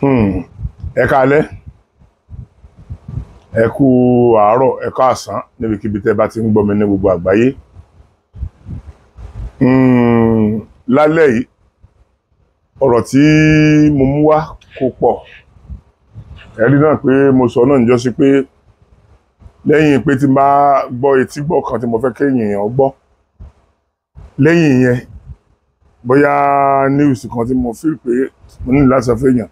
Hmm. ẹ káalẹ́ ẹ kú àárọ̀ ẹ kú àsán níbikíbi tẹ́ bá ti ń gbọ́ mi ní gbogbo àgbáyé hmm. lálẹ́ yìí ọ̀rọ̀ tí mo mú wá kò pọ̀ ẹ̀rí náà pé mo sọ náà níjọ́ sí pé lẹ́yìn pé tí bá gbọ́ etí gbọ́ kan tí mo fẹ́ kéèyàn èèyàn gbọ́ yẹn bóyá news kan tí mo feel pé mo ní láti sọ fún èèyàn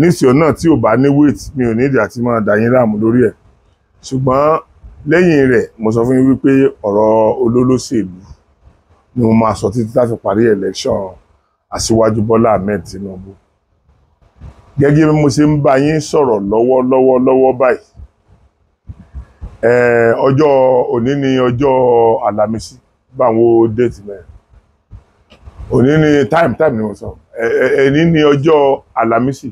níṣìọ́ náà tí ò bá ní weight mi ò nídìí àti máa dà yín láàmú lórí ẹ̀ ṣùgbọ́n lẹ́yìn rẹ̀ mo sọ fún yín wípé ọ̀rọ̀ olólóṣèlú ni mo máa sọ títí láti parí election aṣíwájú Bọ́lá Ahmed Tinubu gẹ́gẹ́ bí mo ṣe ń bá yín sọ̀rọ̀ lọ́wọ́lọ́wọ́ lọ́wọ́ báyìí ọjọ́ òní ni ọjọ́ àlàmísì báwo déètì mẹ́rin òní ni time time ni mo sọ ẹni ni ọjọ́ àlàmísì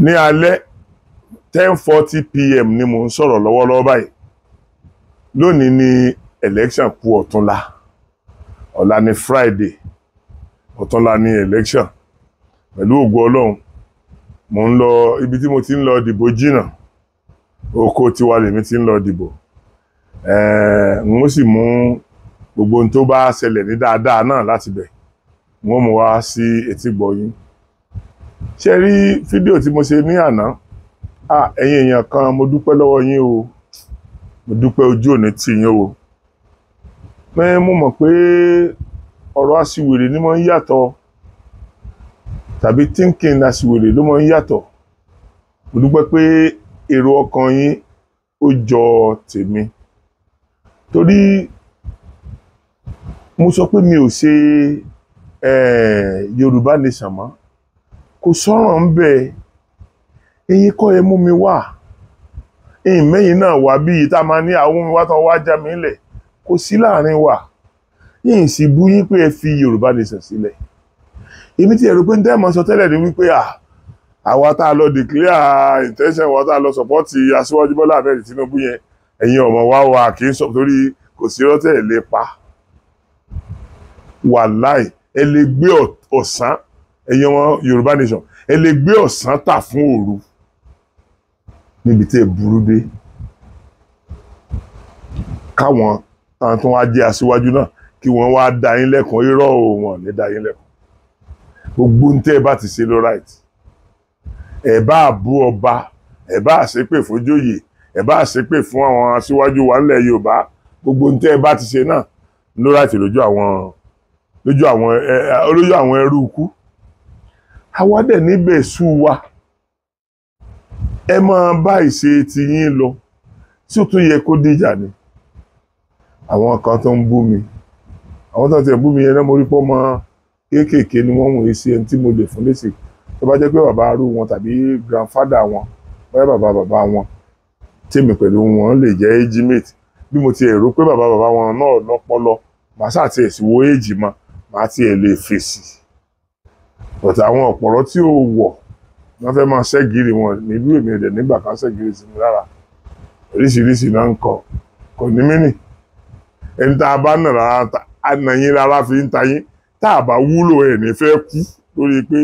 ní alẹ́ 10:40 pm ni mo ń sọ̀rọ̀ lọ́wọ́lọ́wọ́ báyìí lónìí ni election kù ọ̀túnla ọ̀la ni Friday ọ̀túnla ni election pẹ̀lú ògo Ọlọ́run mo ń lọ ibi tí mo ti ń lọ dìbò jìnnà oko tiwa lèmi ti ń lọ dìbò n ó sì mú gbogbo ohun tó bá ṣẹlẹ̀ ní dáadáa náà láti bẹ̀ n ó mú wá sí etígbọ̀ọ́ yín ṣe rí fídíò tí mo ṣe ní àná ah ẹ̀yin èèyàn kan mo dúpẹ́ lọ́wọ́ yín o mo dúpẹ́ ojú òní tì yín o pé mo mọ̀ pé ọ̀rọ̀ aṣiwèrè ni mo ń yàtọ̀ tàbí thinking aṣiwèrè ló mo ń yàtọ̀ mo dúpẹ́ pé èrò ọkàn yín ó jọ tèmi torí mo sọ pé mi ò ṣe Yorùbá nation mọ́ kò sọ̀rọ̀ ń bẹ̀ ẹ̀yin kọ́ ẹ mú mi wá ẹ̀yin mẹ́yìn náà wá bí ìta máa ní àwọn omi wá tán wá já mi lẹ̀ kò sí láàrin wa yìnyín sì bú yín pé ẹ fi Yorùbá nation sílẹ̀ èmi ti ẹ̀rù pé ń tẹ́ sọ tẹ́lẹ̀ ni wípé à àwa tá a lọ declare intention wa tá a lọ support Aṣíwájú Bọ́lá Ahmed Tinubu yẹn ẹ̀yin ọmọ wa wa kì í sọ torí kò sí rọ́tẹ̀ ẹ̀ lè pa wàláì ẹ lè gbé ọ̀sán ẹ̀yin ọmọ Yorùbá nation ẹ lè gbé ọ̀sán tà fún òru níbi tí ẹ burú dé káwọn àwọn tó wá jẹ́ aṣíwájú náà kí wọ́n wá dá yín lẹ́kọ̀ọ́ irọ́ wọn ní dá yín lẹ́kọ̀ọ́ gbogbo ń tẹ́ ẹ bá ti ṣe ló right ẹ bá bú ọba ẹ bá ṣépè fójóyè ẹ bá ṣépè fún àwọn aṣíwájú wa nílẹ̀ Yorùbá gbogbo ń tẹ́ ẹ bá ti ṣe náà ló right lójú àwọn lójú àwọn ẹ lójú àwọn ẹrú ikú àwa dẹ̀ níbẹ̀ sú wa ẹ máa bá ìṣe ti yín lọ tí ó tún yẹ kó dìjà ni àwọn kan tó ń bú mi àwọn tó ń tẹ̀ bú mi yẹn náà mo rí pọ́ mọ́ kéékèèké ni wọ́n wọ̀nyí sí ẹni tí mo lè fún lésì tó bá jẹ́ pé bàbá arú wọn tàbí grandfada wọn bóyá bàbá bàbá wọn tèmi pẹ̀lú wọn lè jẹ́ ejimate bí mo ti rò pé bàbá bàbá wọn náà lọ́pọlọ màá sàtì ẹ̀sìn wo èjì mọ́ màá tiẹ̀ lè fèsì but àwọn ọ̀pọ̀rọ̀ tí ó wọ̀ wọ́n fẹ́ máa ṣẹ́gìrì wọn nílú èmi ẹ̀dẹ̀ nígbà kan ṣẹ́gìrì sí mi lára oríṣiríṣi náà ń kọ kò ní mí nì ẹni tá a bá nà rárá ànàyín rárá fi ń tayín tá a bá wúlò ẹ̀ ní fẹ́ kú lórí pé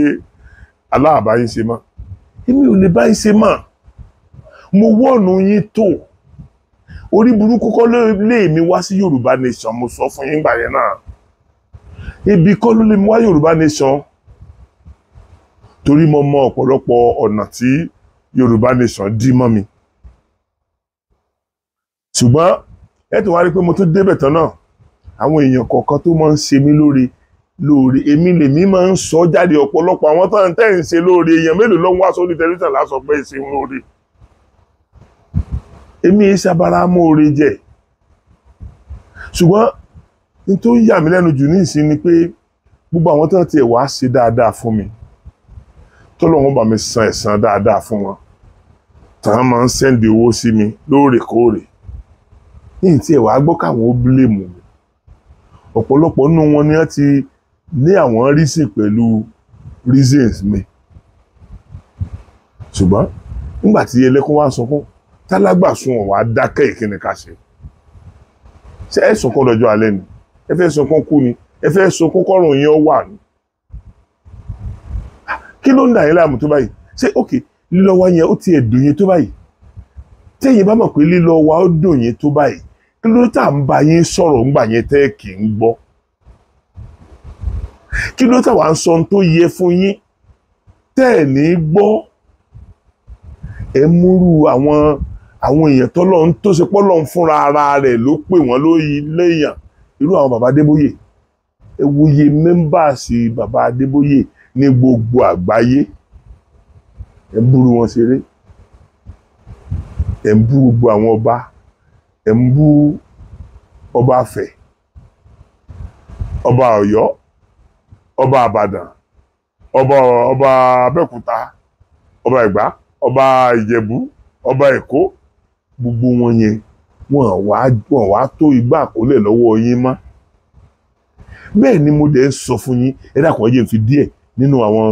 aláàbá yín ṣe mọ́ èmi ò lè bá yín ṣe mọ́ mo wọ́ọ̀nù yín tó orí burúkú kọ́ lè mi wá sí Yorùbá nation mo sọ fún yín gbà yẹn náà ibi kọ́ ló lè mi wá Yorùbá nation torí mo mọ ọ̀pọ̀lọpọ̀ ọ̀nà tí Yorùbá Nation dí mọ́ mi ṣùgbọ́n ẹ tó wá rí pé mo tún débẹ̀ tán náà àwọn èèyàn kọ̀ọ̀kan tó máa ń ṣe mí lóore lóore èmi lèmi máa ń sọ jáde ọ̀pọ̀lọpọ̀ àwọn tó ń tẹ̀ ń ṣe lóore èèyàn mélòó ló ń wá sórí tẹlifíṣàn láṣọ pé ṣe ń lóore èmi ìṣàbára mú oore jẹ ṣùgbọ́n n tó ń yà mí lẹ́nu jù ní ìsìn ni pé gbogbo àwọn tó ń tiẹ̀ wá ṣe dáadáa fún mi tó lóun bá mi san ẹ̀san dáadáa fún wọn tàn máa ń sẹ́ndì owó sí mi lóòrèkóòrè ní ìtí ẹ̀wà gbọ́ káwọn ó bílèmù mi ọ̀pọ̀lọpọ̀ nínú wọn ni wọ́n ti ní àwọn rísìn pẹ̀lú reasons mi ṣùgbọ́n nígbà tí ẹlẹ́kùn wá sọ fún tálágbà sun ọ̀wá dákẹ́ ìkíni ká ṣe ṣe ẹ sọkún lọ́jọ́ alẹ́ ni ẹ fẹ́ sọkún kú ni ẹ fẹ́ sọkún kọ́rùn yẹn wà ni kí ló ń dà yín láàmú tó báyìí ṣé ok lílọ wa yẹn ó ti ẹ̀ dùn yín tó báyìí tẹ́yìn bá mọ̀ pé lílọ wa ó dùn yín tó báyìí kí ló tà ń bá yín sọ̀rọ̀ ńgbà yẹn tẹ́ kì í gbọ́ kí ló tà wá ń sọ tó yẹ fún yín tẹ́ ẹ̀ ní gbọ́ ẹ múrú àwọn àwọn èèyàn tọ́lọ́ ń tó ṣe pọ́lọ́ ń fúnra ara rẹ̀ ló pè wọ́n lóyè léèyàn irú àwọn bàbá Adébóyè ẹ wòye mẹ́mbàsì bàbá Adébóyè ní gbogbo àgbáyé ẹ̀ ń búrú wọn ṣeré ẹ̀ ń bú gbogbo àwọn ọba ẹ̀ ń bú ọba Ifẹ̀ ọba Ọ̀yọ́ ọba Ìbàdàn ọba ọba Abẹ́òkúta ọba Ẹ̀gbá ọba Ìjẹ̀bú ọba Èkó gbogbo wọn yẹn wọn wá wọn tó igbá àkólẹ̀ lọ́wọ́ yín mọ́ bẹ́ẹ̀ ni mo dẹ̀ ń sọ fún yín ẹ dákun ẹ jẹ́ n fi díẹ̀ nínú àwọn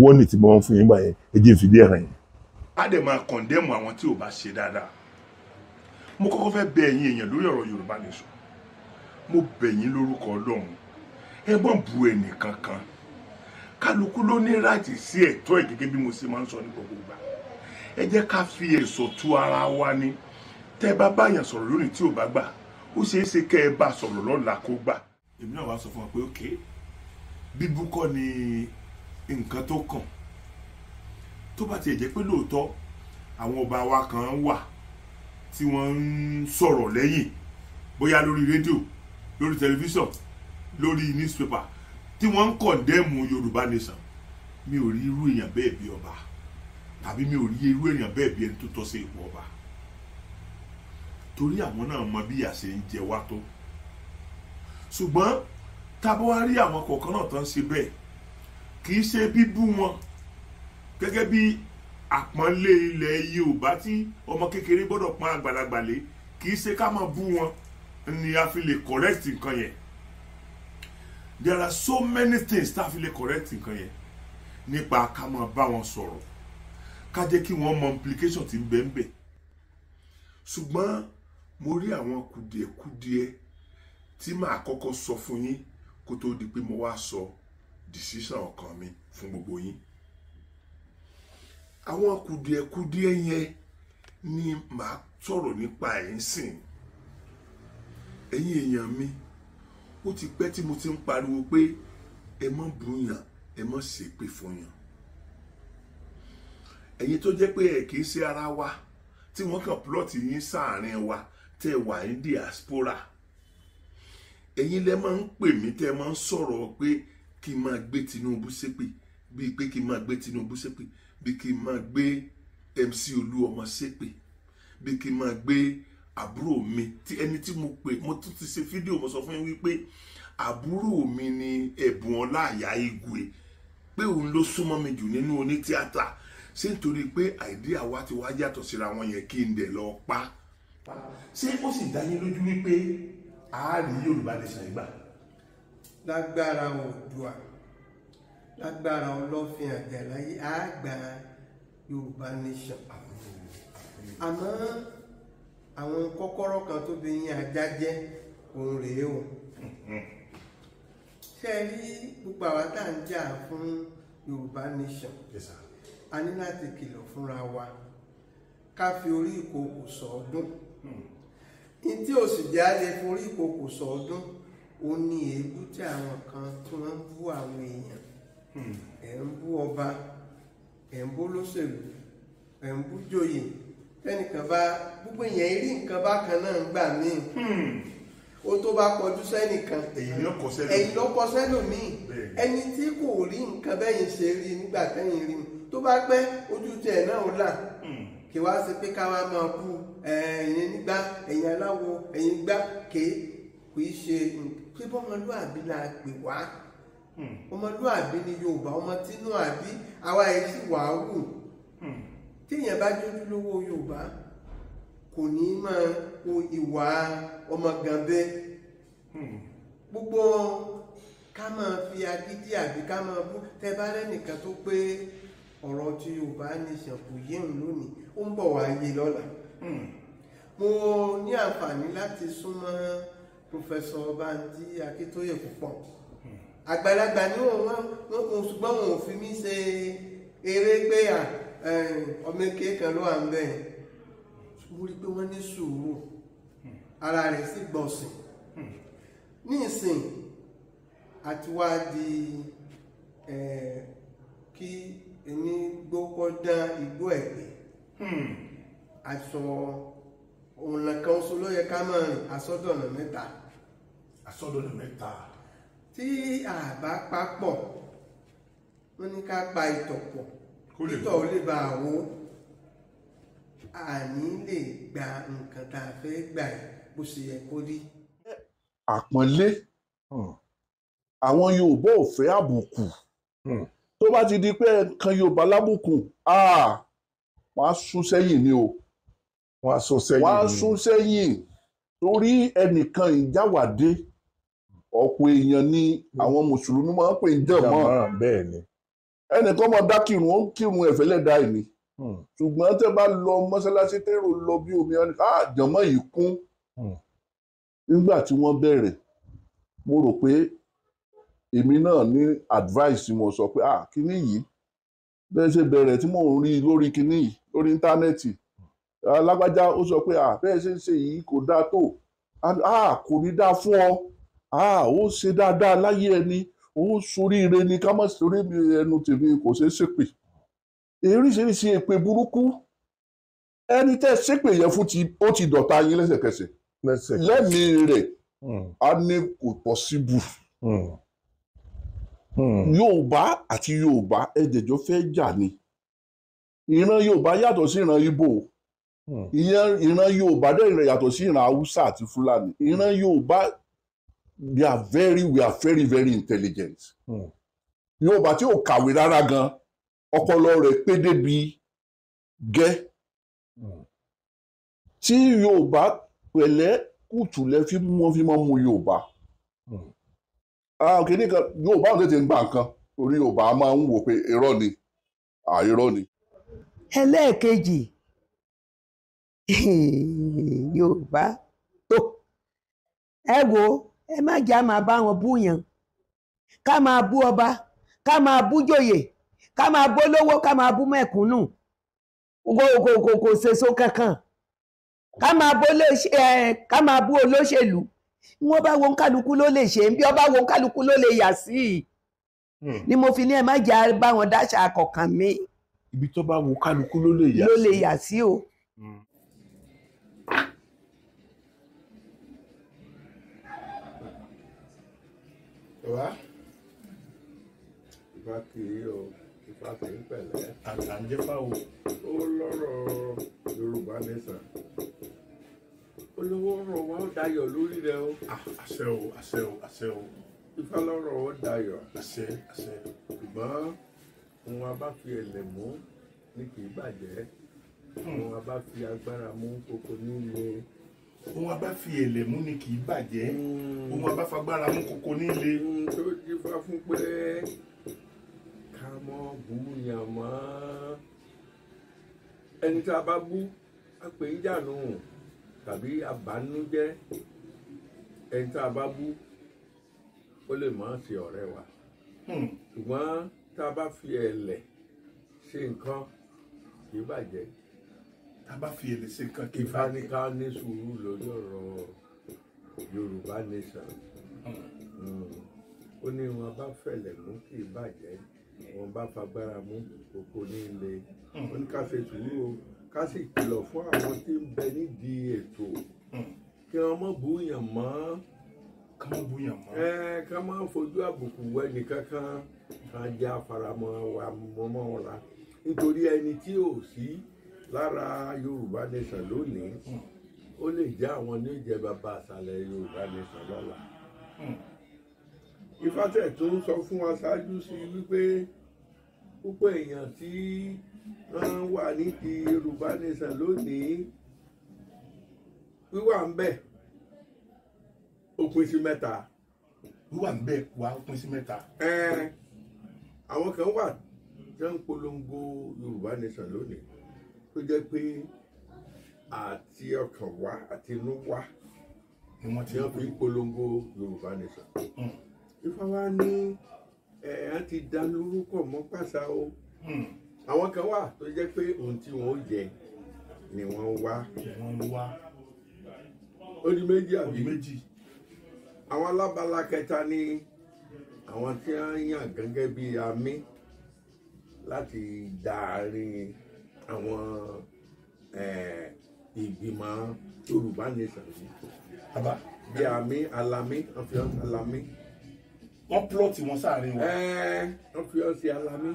wọ́nì tí wọ́n fún yín gbà yẹn ẹ jẹ́ n fìdí ẹ̀ hàn yín. a dẹ̀ máa kọ̀ndẹ́mù àwọn tí ò bá ṣe dáadáa mo kọ́kọ́ fẹ́ bẹ ẹ̀yin èèyàn lórí ọ̀rọ̀ Yorùbá Nation mo bẹ̀ yín lórúkọ Ọlọ́run ẹ má bu ẹnìkan kan kálukú ló ní láti sí ẹ̀tọ́ ẹ̀ gẹ́gẹ́ bí mo ṣe máa ń sọ ní gbogbo ìgbà ẹ jẹ́ ká fi èso tu ara wa ni tẹ́ bá báyàn sọ̀rọ̀ lónìí tí ò bá gbà ó ṣeé ṣe kẹ́ ẹ bá sọ̀rọ̀ lọ́la kó gbà èmi náà wá sọ fún ọ pé ókè. Okay bíbú kọ́ ni nǹkan tó kàn tó bá tiẹ̀ jẹ́ pé lóòótọ́ àwọn ọba wa kan wà tí wọ́n ń sọ̀rọ̀ lẹ́yìn bóyá lórí rédíò lórí tẹlifíṣàn lórí newspaper tí wọ́n ń kọ̀ndẹ́mù Yorùbá nation mi ò rí irú èèyàn bẹ́ẹ̀ bí ọba tàbí mi ò rí irú èèyàn bẹ́ẹ̀ bí ẹni tó tọ́ sí ipò ọba torí àwọn náà mọ bí ìyà ń jẹ wá tó ṣùgbọ́n tabuari wá rí àwọn kọ̀ọ̀kan náà tó ń ṣe bẹ́ẹ̀ kì í ṣe bíbú wọn gẹ́gẹ́ bí àpọ́nlé ilẹ̀ Yorùbá tí ọmọ kékeré gbọ́dọ̀ pọ́n àgbàlagbà lé kì í ṣe ká máa bú wọn ni a fi lè correct nǹkan yẹn there are so many things tá a fi lè correct nǹkan yẹn nípa ká máa bá wọn sọ̀rọ̀ ká jẹ́ kí wọ́n mọ implication tí ń bẹ ń ṣùgbọ́n mo rí àwọn kùdìẹ̀kùdìẹ̀ tí màá kọ́kọ́ sọ fún yín kó tó di pé mo wá sọ decision ọkàn mi fún gbogbo yín àwọn kùdìẹ̀kùdìẹ̀ yẹn ni màá sọ̀rọ̀ nípa ẹ̀ ń sìn ẹ̀yin èèyàn mi ó ti pẹ́ tí mo ti ń pariwo pé ẹ mọ́ bùyàn ẹ mọ́ ṣépè fún yàn ẹ̀yin tó jẹ́ pé ẹ̀ kìí ṣe ara wa tí wọ́n kàn plọ́ọ̀tì yín sáàárín wa tẹ́ wà ní diaspora ẹ̀yin lẹ máa ń pè mí tẹ́ ẹ máa ń sọ̀rọ̀ pé kí n máa gbé Tinubu ṣépè bíi pé kí n máa gbé Tinubu ṣépè bíi kí n máa gbé MC Olúọmọ ṣépè bíi kí n máa gbé àbúrò mi tí ẹni tí mo pè mo tún ti ṣe fídíò mo sọ fún yín wípé àbúrò mi ni ẹ̀bùn ọlá àyà igwe pé òun ló súnmọ́ mi jù nínú onítíátà ṣé nítorí pé àìdíà wa ti wá yàtọ̀ síra wọn yẹn kí n dẹ̀ lọ pa ṣé ó sì dá yín lójú wípé àárí Yorùbá nation ìgbà. lágbára Oòduà lágbára Ọlọ́fin Àjàláyé àgbà Yorùbá nation. àmọ́ àwọn kọ́kọ́rọ́ kan tó bí yín ajá jẹ́ òun rèé o ṣe rí gbogbo àwa tá à ń jà fún Yorùbá nation a ní láti kìlọ̀ fúnra wa ká fi orí ìkòkò sọ̀ọ́dún. So ní tí ó sì já lè forí ìkòkò sọdún ó ní èébú tí àwọn kan tí wọ́n ń bú àwọn èèyàn hmm. ẹ̀ ń bú ọba ẹ̀ ń bú olóṣèlú ẹ̀ ń bú joyè tẹ́nìkan bá gbogbo èèyàn rí nǹkan bákan náà ń gbà míì hmm. ó tó bá kọjú sẹ́nìkan ẹ̀yìn ló kọ sẹ́lòmíì ẹni tí kò rí nǹkan bẹ́yìn ṣe rí nígbà tẹ́yìn rí tó bá pẹ́ ojú tiẹ̀ náà ó là hmm kì wá sí pé ká wá máa kú ẹ̀yin nígbà ẹ̀yin aláwo ẹ̀yin gbá ké kò í ṣe pé bọ́mọlúàbí la pè wá hmm. ọmọlúàbí ni Yorùbá ọmọ tínú àbí àwa ẹ̀ sì wà á wù hmm. téèyàn bá jójú lówó Yorùbá kò ní máa wo ìwà ọmọ gànbẹ hmm. gbogbo ká máa fi agídí àbí ká máa bú tẹ bá rẹ́nìkan tó pé ọ̀rọ̀ tí Yorùbá ní ṣàpò yéhùn lónìí ó ń bọ̀ wá yé lọ́la hmm. mo ní àǹfààní láti súnmọ́ Professor bandi Akíntóyè púpọ̀ hmm. àgbàlagbà ni wọn ṣùgbọ́n wọn ò fi mí ṣe eré pé eh, ọmọ èké kan ló wà ń bẹ̀ mo rí i pé wọ́n ní sùúrù hmm. ara rẹ̀ sì gbọ̀nsìn ní ìsìn àti wá di eh, kí ẹni gbókọ́ dán igbó ẹ̀gbẹ́ Hmm. aṣọ ọ̀nà kan ṣo ló yẹ ká máa rìn àsọdọ̀nà mẹ́ta. àsọdọ̀nà mẹ́ta. tí àbá papọ̀ wọ́n ní ká pa ìtọ̀ pọ̀ ìtọ̀ ò lè ba àwo àní lè gba nǹkan tá a fẹ́ gbà bó ṣe yẹ kó rí. àpọ́nlé hmm. àwọn Yorùbá ò fẹ́ àbùkù hmm. tó bá ti di pé kan Yorùbá lábùkù wọ́n á sún sẹ́yìn ni o wọ́n á sún sẹ́yìn wọ́n á sún sẹ́yìn torí ẹnìkan ìjáwádé ọ̀pọ̀ èèyàn ni àwọn mùsùlùmí máa ń pè ń jẹ̀ mọ́ ẹnìkan máa dá kírun ó ń kírun ẹ̀fẹ́lẹ́ dá ìní hmm. ṣùgbọ́n tẹ́ bá lọ mọ́ṣáláṣí tẹ́rò lọ bí omi ọ̀nì àjọmọ́ ah, yìí kún hmm. nígbà tí wọ́n bẹ̀rẹ̀ mo rò pé èmi náà ní advice mo sọ pé ah kíní yìí bẹ́ẹ̀ ṣe bẹ̀rẹ̀ tí mò ń rí lórí kíní yìí lórí íńtánẹ́ẹ̀tì alágbájá ó sọ pé bẹ́ẹ̀ ṣe ń ṣe yìí kò dáa tó kò ní dáa fún ọ ó ṣe dáadáa láyé ẹni ó soríire ni ká má sorí ẹnu tèmi kò ṣeé ṣépè oríṣiríṣi èpè burúkú ẹni tẹ́ ṣépè yẹn fún ti ó ti dọ̀tá yín lẹ́sẹ̀kẹsẹ̀ lẹ́mìí rẹ̀ á hmm. ní kò pọ́síbù hmm. hmm. yorùbá àti yorùbá ẹ̀jẹ̀jọ́ fẹ́ jà ni. Mm ìran Yorùbá yàtọ̀ sí ìran Ìgbò hmm. ìran Yorùbá dẹ̀ yàtọ̀ sí ìran Haúsá àti Fúlàní hmm. ìran Yorùbá we are very we are very very intelligent hmm. Yorùbá tí ò kàwé rárá gan ọpọlọ rẹ̀ pé débi gẹ́ tí Yorùbá pẹ̀lẹ́ kùtù lẹ fi mú wọn fi mọ́ mu Yorùbá kìnìkan Yorùbá ò tètè ń gbà nǹkan orí Yorùbá máa ń wò pé irọ́ ni àìrọ́ ni ẹlẹ́ẹ̀kejì yorùbá tó ẹ wo ẹ má jà máa bá wọn búyàn ká máa bú ọba ká máa bú jòyè ká máa bó lówó ká máa bú mẹ̀kúnnù kò kò sèso kankan ká máa bó ká máa bú olóṣèlú wọn bá wo kálukú ló lè ṣe bí ọba wo kálukú ló lè yà sí i hmm. ni mo fi ní ẹ má jà bá wọn dáṣà kọ̀ọ̀kan mi ibi tó bá wo kálukú ló lè yà sí. ló lè yà sí o. Bàbá hmm. ìbá kiri o ìbá kiri pẹ̀lẹ́. Àtàǹjẹ́fà o. Ó lọ́rọ̀ Yorùbá nìsan. Olówó ọ̀rọ̀ wa ó dayọ̀ lórí rẹ o. Ah, àṣẹ o, àṣẹ o, àṣẹ o. Ifá lọ́rọ̀ ó dayọ̀. Àṣẹ, àṣẹ. Ṣùgbọ́n òun a bá fi ẹ̀lẹ̀ mú ní kì í bàjẹ́ òun a bá fi agbára mú kókó nílé. òun a bá fi ẹ̀lẹ̀ mú ní kì í bàjẹ́ òun hmm. a bá fagbára mú kókó nílé. Hmm, tó dífá fún pé ká mọ́ bú yàn mọ́ ẹni tá a bá bú a pè é jànú tàbí àbánújẹ́ ẹni tá a bá bú ó lè má ṣe ọ̀rẹ́ wa hmm. ṣùgbọ́n. Hmm tá a bá fi ẹ̀lẹ̀ ṣe nǹkan kì í bàjẹ́. tá a bá fi ẹ̀lẹ̀ ṣe nǹkan kì í bàjẹ́. ìfaníká ní sùúrù lórí ọ̀rọ̀ Yorùbá nation hmm. ó ní wọn bá fẹ̀lẹ̀ mú kì í bàjẹ́ wọn bá fagbára mú oko ní ilé hmm. ó sùúrù o ká sì kìlọ̀ fún àwọn tí ń bẹ nídìí ètò hmm. kí wọn mọ̀ búyàn mọ́ ká mọ̀ búyàn mọ́ ká má fojú àbùkù wẹ́nì kankan ajá faramọ́ wa mọ́mọ́ ra nítorí ẹni tí ò sí lára Yorùbá nation lónìí ó lè jẹ́ àwọn ní ìjẹ bàbá àṣàlẹ̀ Yorùbá nation lọ́la ìfàsẹ̀ tó ń sọ fún wa ṣáájú sí wípé púpọ̀ èèyàn tí wọ́n wà ní ti Yorùbá nation lónìí wíwà ń bẹ̀ ó sí mẹ́ta wíwà ń bẹ̀ wà ó sí mẹ́ta àwọn kan wà tí wọ́n ń polongo Yorùbá nation lónìí tó jẹ́ pé àti ọkàn wá àti inú wá ni wọ́n ti fi ń polongo Yorùbá nation. Hmm. Ifá wa ní ẹ̀ ẹ́ ti dá lórúkọ mọ́ pàṣà o hmm. àwọn kan wà tó jẹ́ pé ohun tí wọ́n jẹ ni wọ́n wá. ó di méjì àbí àwọn alábala kẹta ni àwọn tí a yàn gẹ́gẹ́ bí amí láti darí àwọn ìgbìmọ̀ Yorùbá nation yìí bí amí alamí wọ́n fi ọ́ alamí. wọ́n plọ́ọ̀tì wọn sáàrin wọn. wọ́n fi ọ́ sí alamí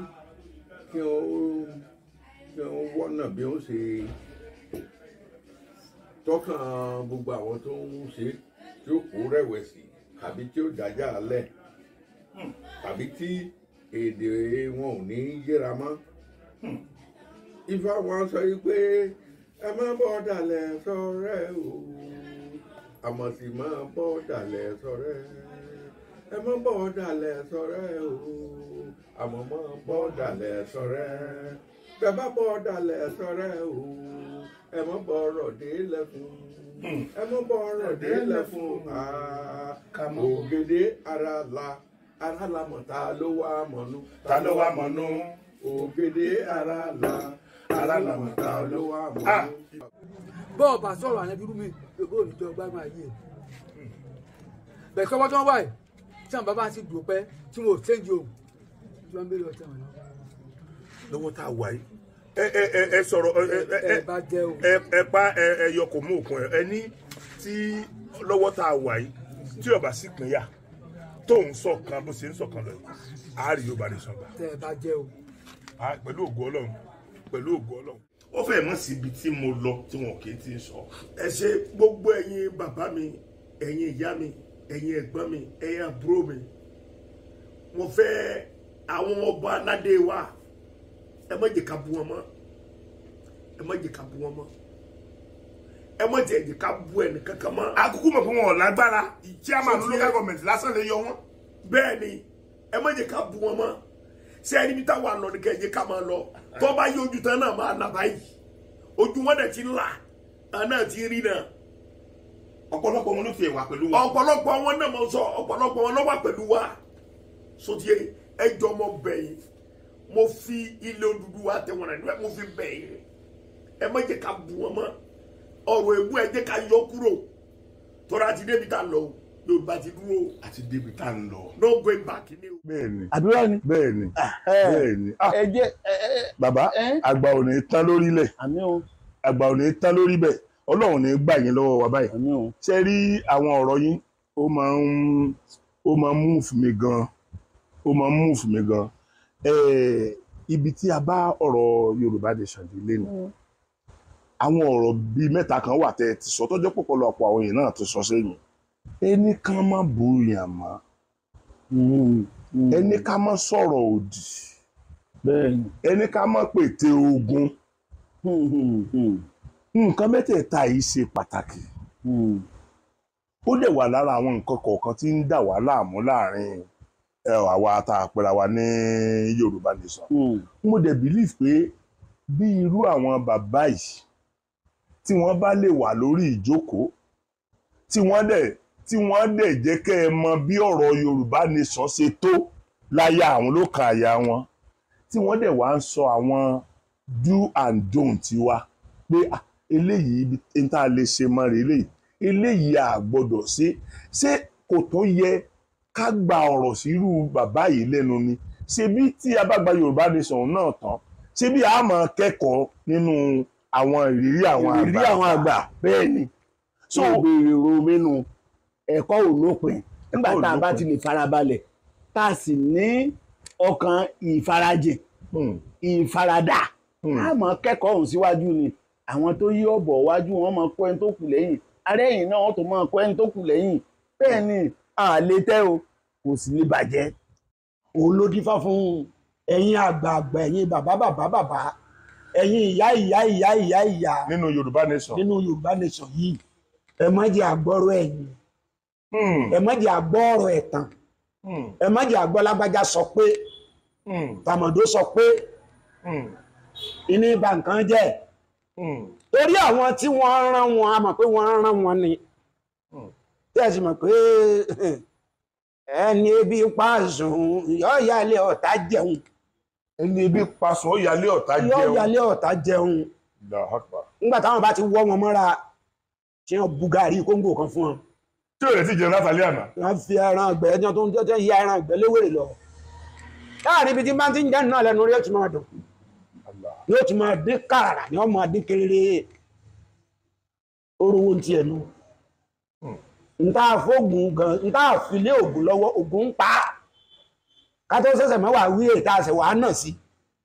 kí ó kí ó wọ́nà bí ó ṣe tọ́kàn gbogbo àwọn tó ń ṣe tí ó kó rẹ̀wẹ̀sì àbí tí ó dájà lẹ̀. Hmm. tàbí tí èdè wọn ò ní yéra mọ́ hmm. ifá wọn sọ yìí pé ẹ má bọ́ dalẹ̀ sọ́rẹ́ o àmọ̀ sì má bọ́ dalẹ̀ sọ́rẹ́ ẹ má bọ́ dalẹ̀ sọ́rẹ́ o àmọ́ má bọ́ dalẹ̀ sọ́rẹ́ bẹ́ẹ̀ bọ́ dalẹ̀ sọ́rẹ́ o ẹ má bọ́ ọ̀rọ̀ dé lẹ́kùn hmm. ẹ má bọ́ ọ̀rọ̀ dé lẹ́kùn ah. ògèdè ara la alálàmọ̀ ta ló wá mọ̀nú. ta ló wá mọ̀nú. ògèdè ara ah! la alálàmọ̀ ta ló wá mọ̀nú. bọ́ọ̀ bá sọ̀rọ̀ àyẹ̀ bírú mi yòókù òníjọ gbàgbọ́ ayé ẹ̀. bẹ̀ẹ̀ sọ́wọ́ tí wọ́n wáyé tí àwọn bàbá ti dùn pẹ́ tí wọn ò tẹ́ǹjì òun tí wọ́n ń bèrè ọtí àwọn náà. lọ́wọ́ tá a wà yìí ẹ ẹ ẹ ẹ ẹ ẹ ẹ ẹ pa ẹ ẹ yọkọ̀ mú òkun ẹ ní tí lọ́wọ́ tá a wà yìí tí ọba sì pínyà tóun sọ̀kan bó ṣe ń sọ̀kan lọ àárí yorùbá lè sọ̀gbà. tẹ ẹ bá jẹ o. pẹ̀lú ògo ọlọ́run pẹ̀lú ògo ọlọ́run. ó fẹ́ mọ̀ síbi tí mo lọ tí wọn kì í ti sọ. ẹ ṣe gbogbo ẹ̀yin bàbá mi ẹ̀yin ìyá mi ẹ̀yin ẹ̀gbọ́n mi ẹ̀yin àbúrò mi mo fẹ́ àwọn ọba aládé wa ẹ má jẹ́ ká bú wọn mọ́ ẹ má jẹ́ ká bú wọn mọ́ ẹ mọ jẹ ìdíkà bu ẹnì kankan mọ. akókò mọ̀ fún wọn lágbára chairman local government lásán lè yọ wọn. bẹ́ẹ̀ ni ẹ mọ jẹ ká bu wọn mọ ṣé ẹni bíi táwọn àlọ́ nìkan ẹ̀jẹ̀ ká máa lọ tó bá yí ojú tán náà máa nà báyìí ojú wọn dẹ̀ ti ń là náà ti rí náà. ọ̀pọ̀lọpọ̀ wọn ló fi ẹ̀wà pẹ̀lú wa. ọ̀pọ̀lọpọ̀ wọn náà mọ̀ sọ ọ̀pọ̀lọpọ̀ wọn ló wà pẹ̀lú wa sotie ẹjọ́ mọ bẹ̀yìn mo fi ilé Odùduwà àtẹ̀wọ̀n rẹ̀ mo fi bẹ̀yìn ẹ mọ jẹ ká bu wọn mọ́ ọ̀rọ̀ ègbú ẹ jẹ́ ká yọ kúrò tọ́ra ti débi tá a lọ yorùbá ti dúró. àti débi tá a lọ. no going back ni o. bẹ́ẹ̀ni àdúrà ni. bẹ́ẹ̀ni ah, eh. bẹ́ẹ̀ni. Ah. jẹ bàbá eh? àgbà ò ní tán lórílẹ̀. àmín o. àgbà ò ní tán lórí bẹ́ẹ̀ ọlọ́run ní gbà yín lọ́wọ́ wa báyìí. ṣe rí àwọn ọ̀rọ̀ yín ó máa ń ó máa ń múùfù mi gan ó máa ń múùfù mi gan eh, ibi tí a bá ọ̀rọ̀ yorùbá nation dé ni. Mm àwọn ọ̀rọ̀ bíi mẹ́ta kan wà tẹ́ ẹ ti sọ tọ́jọ́ pọ̀pọ̀lọpọ̀ àwọn èèyàn náà ti sọ sẹ́yìn ẹni kan má bu yàn mọ́ ẹni ká má sọ̀rọ̀ òdì ẹni ká má pète ogun mm-hmm. nǹkan mẹ́tẹ̀ẹ̀ta yìí ṣe pàtàkì mm-hmm. ó dẹ̀ wà lára àwọn nǹkan kọ̀ọ̀kan tí ń dà wá láàmú láàrin àwa tá a pera wa ní Yorùbá nation mm-hmm. mo dẹ̀ believe pé bí irú àwọn bàbá yìí tí wọ́n bá lè wà lórí ìjókòó tí wọ́n dẹ̀ tí wọ́n dẹ̀ jẹ́ kẹ́ ẹ mọ bí ọ̀rọ̀ Yorùbá nation ṣe tó láyà àwọn ló àyà wọn tí wọ́n dẹ̀ wá ń sọ àwọn do and don't wa pé eléyìí n tá a lè ṣe mọ́ rè eléyìí eléyìí a gbọ́dọ̀ ṣe ṣé kò tó yẹ ká gba ọ̀rọ̀ sírú bàbá yìí lẹ́nu ni ṣebí tí a bá gba Yorùbá nation náà tán ṣebí a máa kẹ́kọ̀ọ́ nínú àwọn ìrírí àwọn àgbà ìrírí àwọn àgbà bẹ́ẹ̀ ni so ìbéèrè rominu ẹ̀kọ́ ònópin nígbà tá a bá ti lè farabalẹ̀ tá a sì ní ọkàn ìfarajìn hmm. ìfaradà hmm. a máa kẹ́kọ̀ọ́ ọ̀hún síwájú ni àwọn tó yí ọ̀bọ̀ wájú wọn máa kọ́ ẹni tó kù lẹ́yìn arẹ́yìn náà wọ́n tó máa kọ́ ẹni tó kù lẹ́yìn bẹ́ẹ̀ ni àlè tẹ́ o kò sì lè bàjẹ́ òun ló dífá fún ẹ̀yin àgbààgbà ẹ̀yin bàbá bàbá bàbá ẹ̀yin ìyá ìyá ìyá ìyá ìyá nínú Yorùbá nation nínú Yorùbá nation yìí ẹ má jẹ́ àgbọ́rọ̀ ẹ̀yìn hmm. ẹ má jẹ́ àgbọ́rọ̀ ẹ̀tàn hmm. ẹ má jẹ́ àgbọ́ lágbájá sọ pé hmm. tàmọ̀dó sọ pé ìní ibà nǹkan jẹ́ torí àwọn tí wọ́n rán wọn a mọ̀ pé wọ́n rán wọn ni tí a sì mọ̀ pé ẹni ebi pàṣẹ yọ̀ọ́ yálé ọ̀tá jẹun. ẹni ibi pasùn ó yálé ọ̀tá jẹun ó yálé ọ̀tá jẹun nígbà táwọn bá ti wọ́ wọn mọ́ra ṣé wọn bu kan fún wọn. tí ti àná. wọn fi ẹran tó ya ẹran léwèrè lọ. ibi tí bá ti ń jẹun náà ti máa dùn ti máa dín kàrà ti ẹnu. ká tó sẹ̀sẹ̀ mọ́ wà wí ètà àṣẹ wà á nà sí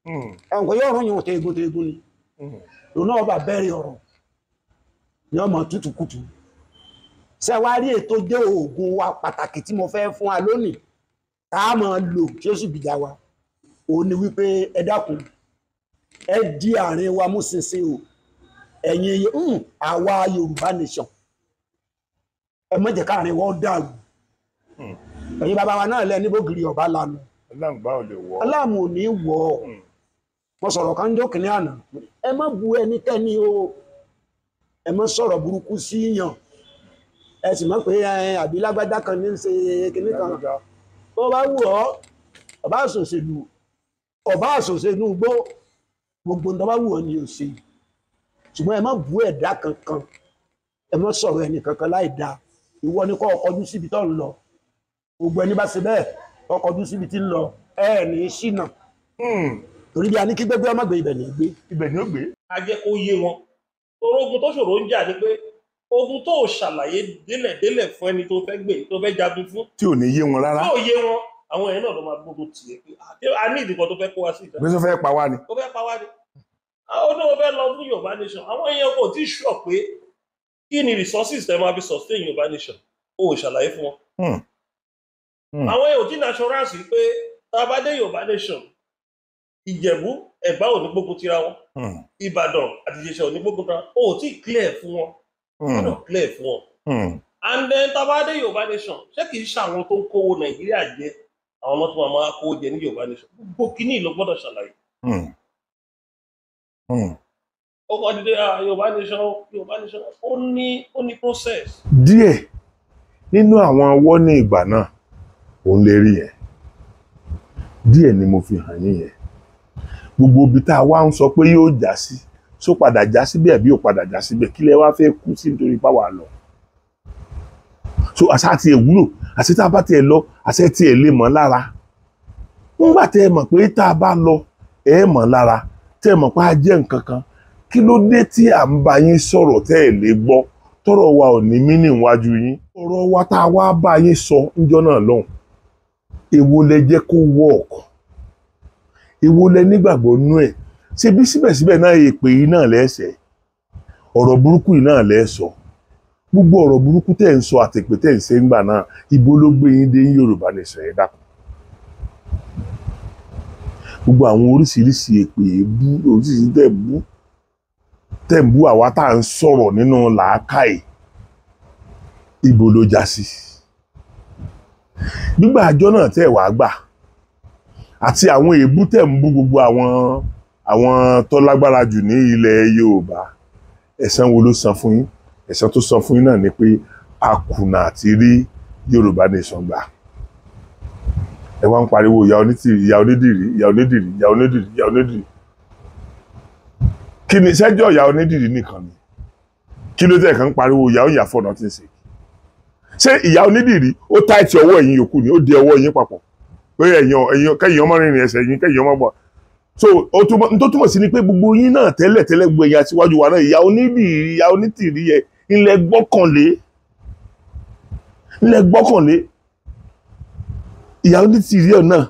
hmm. ẹ̀wọ̀n kò yóò rún yìí tegun tegun ni hmm. lónà ọba bẹ́ẹ̀rẹ̀ ọ̀rọ̀ ni ọmọ tútù kùtù ṣe rí ètò jẹ́ oògùn wa pàtàkì tí mo fẹ́ fún wa lónìí tá a máa lò tí ó sì gbìjà wa òun ni wípé ẹ dákun ẹ di àárín wa mú ṣinṣin o ẹ̀yin hmm, àwa Yorùbá nation ẹ má káàrin wọn dàrú ẹ̀yin bàbá wa náà lẹ́ níbo gírí ọba lanu aláàmù ò ní wọ̀ ọ́ hmm. mo sọ̀rọ̀ kan jọ́ kìnìún àná ẹ má bu ẹnikẹ́ni o ẹ má sọ̀rọ̀ burúkú sí yàn ẹ sì mọ̀ pé àbí lágbájá kan ní í ṣe kinní kan tó bá wù ọ́ ọba àṣòṣèlú ọba àṣòṣèlú gbó gbogbo nǹkan bá wù ọ́ ni ò ṣe ṣùgbọ́n ẹ má bu ẹ̀dá kankan ẹ má sọ̀rọ̀ ẹnìkankan láì dáa ìwọ ni kò kọjú síbi tó ń lọ gbogbo ẹni bá ṣe bẹ́ẹ̀ ọkọ̀jú síbi tí ń lọ ẹ ní ṣìnà hmm. torí bí a ní kí gbégbé ọmọ gbé ibẹ̀ ní gbé. ibẹ̀ ní ó gbé. a jẹ́ kó yé wọn orógun tó ṣòro ń jà ni pé ogun tó ṣàlàyé délẹ̀délẹ̀ fún ẹni tó fẹ́ gbé tó fẹ́ jagun fún. tí ò ní yé wọn rárá. tí ò yé wọn àwọn ẹ̀yìn náà ló máa gbógun tiẹ̀ pé a ní ìdìbò tó fẹ́ kó wa sí ìjà. gbèsè fẹ́ pa wá ni. ó fẹ́ pa wá ni. àwọn náà fẹ́ lọ fún Yorùbá nation àwọn èèyàn kò tí ì sọ pé kí ni resources tẹ máa fi sustain Yorùbá nation ó ṣàlàyé fún wọn. Hmm. Hmm. àwọn èèyàn tí nasurance pé tabadé yorùbá nation ìjẹ̀bú ẹ̀gbá ò ní gbógun tira wọn hmm. ìbàdàn àti ìjẹ̀ṣà ò ní gbógun tira wọn ò tí ì clear fún wọn ò hmm. clear fún wọn. and then tabadé yorùbá nation ṣé kìí ṣàwọn tó ń kówó nàìjíríà jẹ àwọn ọmọ tó máa máa kówó jẹ ní yorùbá nation gbogbo kínní ló gbọ́dọ̀ ṣàlàyé. ó kọ́ dídé ah, yorùbá nation yorùbá nation ó ní ó ní process. díẹ̀ nínú àwọn awọ́ ní ìgbà náà òun lè rí yẹn díẹ̀ ni mo fi hàn yín yẹn gbogbo ibi tá a wá ń sọ pé yóò já sí só padà já síbẹ̀ bí ò padà já síbẹ̀ kí lẹ wá fẹ́ kú sí nítorí páwà lọ so àṣà àti èwúlò àṣẹ tá a bá tiẹ̀ lọ àṣẹ tiẹ̀ lè mọ́ lára nígbà tẹ́ ẹ mọ̀ pé tá a bá lọ ẹ mọ̀ lára tẹ́ ẹ mọ̀ pé a jẹ́ nǹkan kan kí ló dé tí à ń bá yín sọ̀rọ̀ tẹ́ ẹ lè gbọ́ tọ́rọ̀ wa ò ní mí níwájú yín ọ̀rọ̀ wa tá a wá bá yín sọ níjọ́ náà lọ́hùn ìwo lẹ jẹ́ kó work ìwo lẹ nígbàgbọ́ nú ẹ̀ ṣe bí síbẹ̀síbẹ̀ náà èpè yìí náà lẹ́sẹ̀ ọ̀rọ̀ burúkú yìí náà lẹ́sọ̀ gbogbo ọ̀rọ̀ burúkú tẹ̀ ń sọ àtẹ̀pẹ́ tẹ̀ ń ṣe ń gbà náà ìbo ló gbé yín dé Yorùbá gbogbo àwọn oríṣiríṣi èpè èébú oríṣiríṣi tẹ̀ bú tẹ̀ bú àwa tá à ń sọ̀rọ̀ gbígbà àjọ náà tẹ̀ wá gbà àti àwọn èébú tẹ̀ ń bú gbogbo àwọn àwọn tó lágbára jù ní ilẹ̀ Yorùbá ẹ̀san wo ló san fún yín ẹ̀san tó san fún yín náà ni pé a kùnà àti rí Yorùbá nation gbà ẹ wá ń pariwo ìyá onítìrí ìyá onídìrí ìyá onídìrí ìyá onídìrí ìyá onídìrí kí ni ṣẹ́jọ́ ìyá onídìrí nìkan ni kí ló dé kan ń pariwo ìyá òyà fọ́nà tí ń ṣe ṣé ìyá onídìrí ó táìtì ọwọ́ ẹ̀yìn yòókù ni ó di ọwọ́ ẹ̀yìn papọ̀ pé ẹ̀yàn ẹ̀yàn kẹ́yìn ọmọ rìnrìn ẹsẹ̀ ẹ̀yìn kẹ́yìn ọmọ bọ̀ so n tó túmọ̀ sí ni pé gbogbo yín náà tẹ́lẹ̀ tẹ́lẹ̀ gbogbo ẹ̀yà síwájú wa náà ìyá onídìrí ìyá onítìrí yẹ ilẹ̀ gbọ́kànlé ilẹ̀ gbọ́kànlé ìyá onítìrí yẹ náà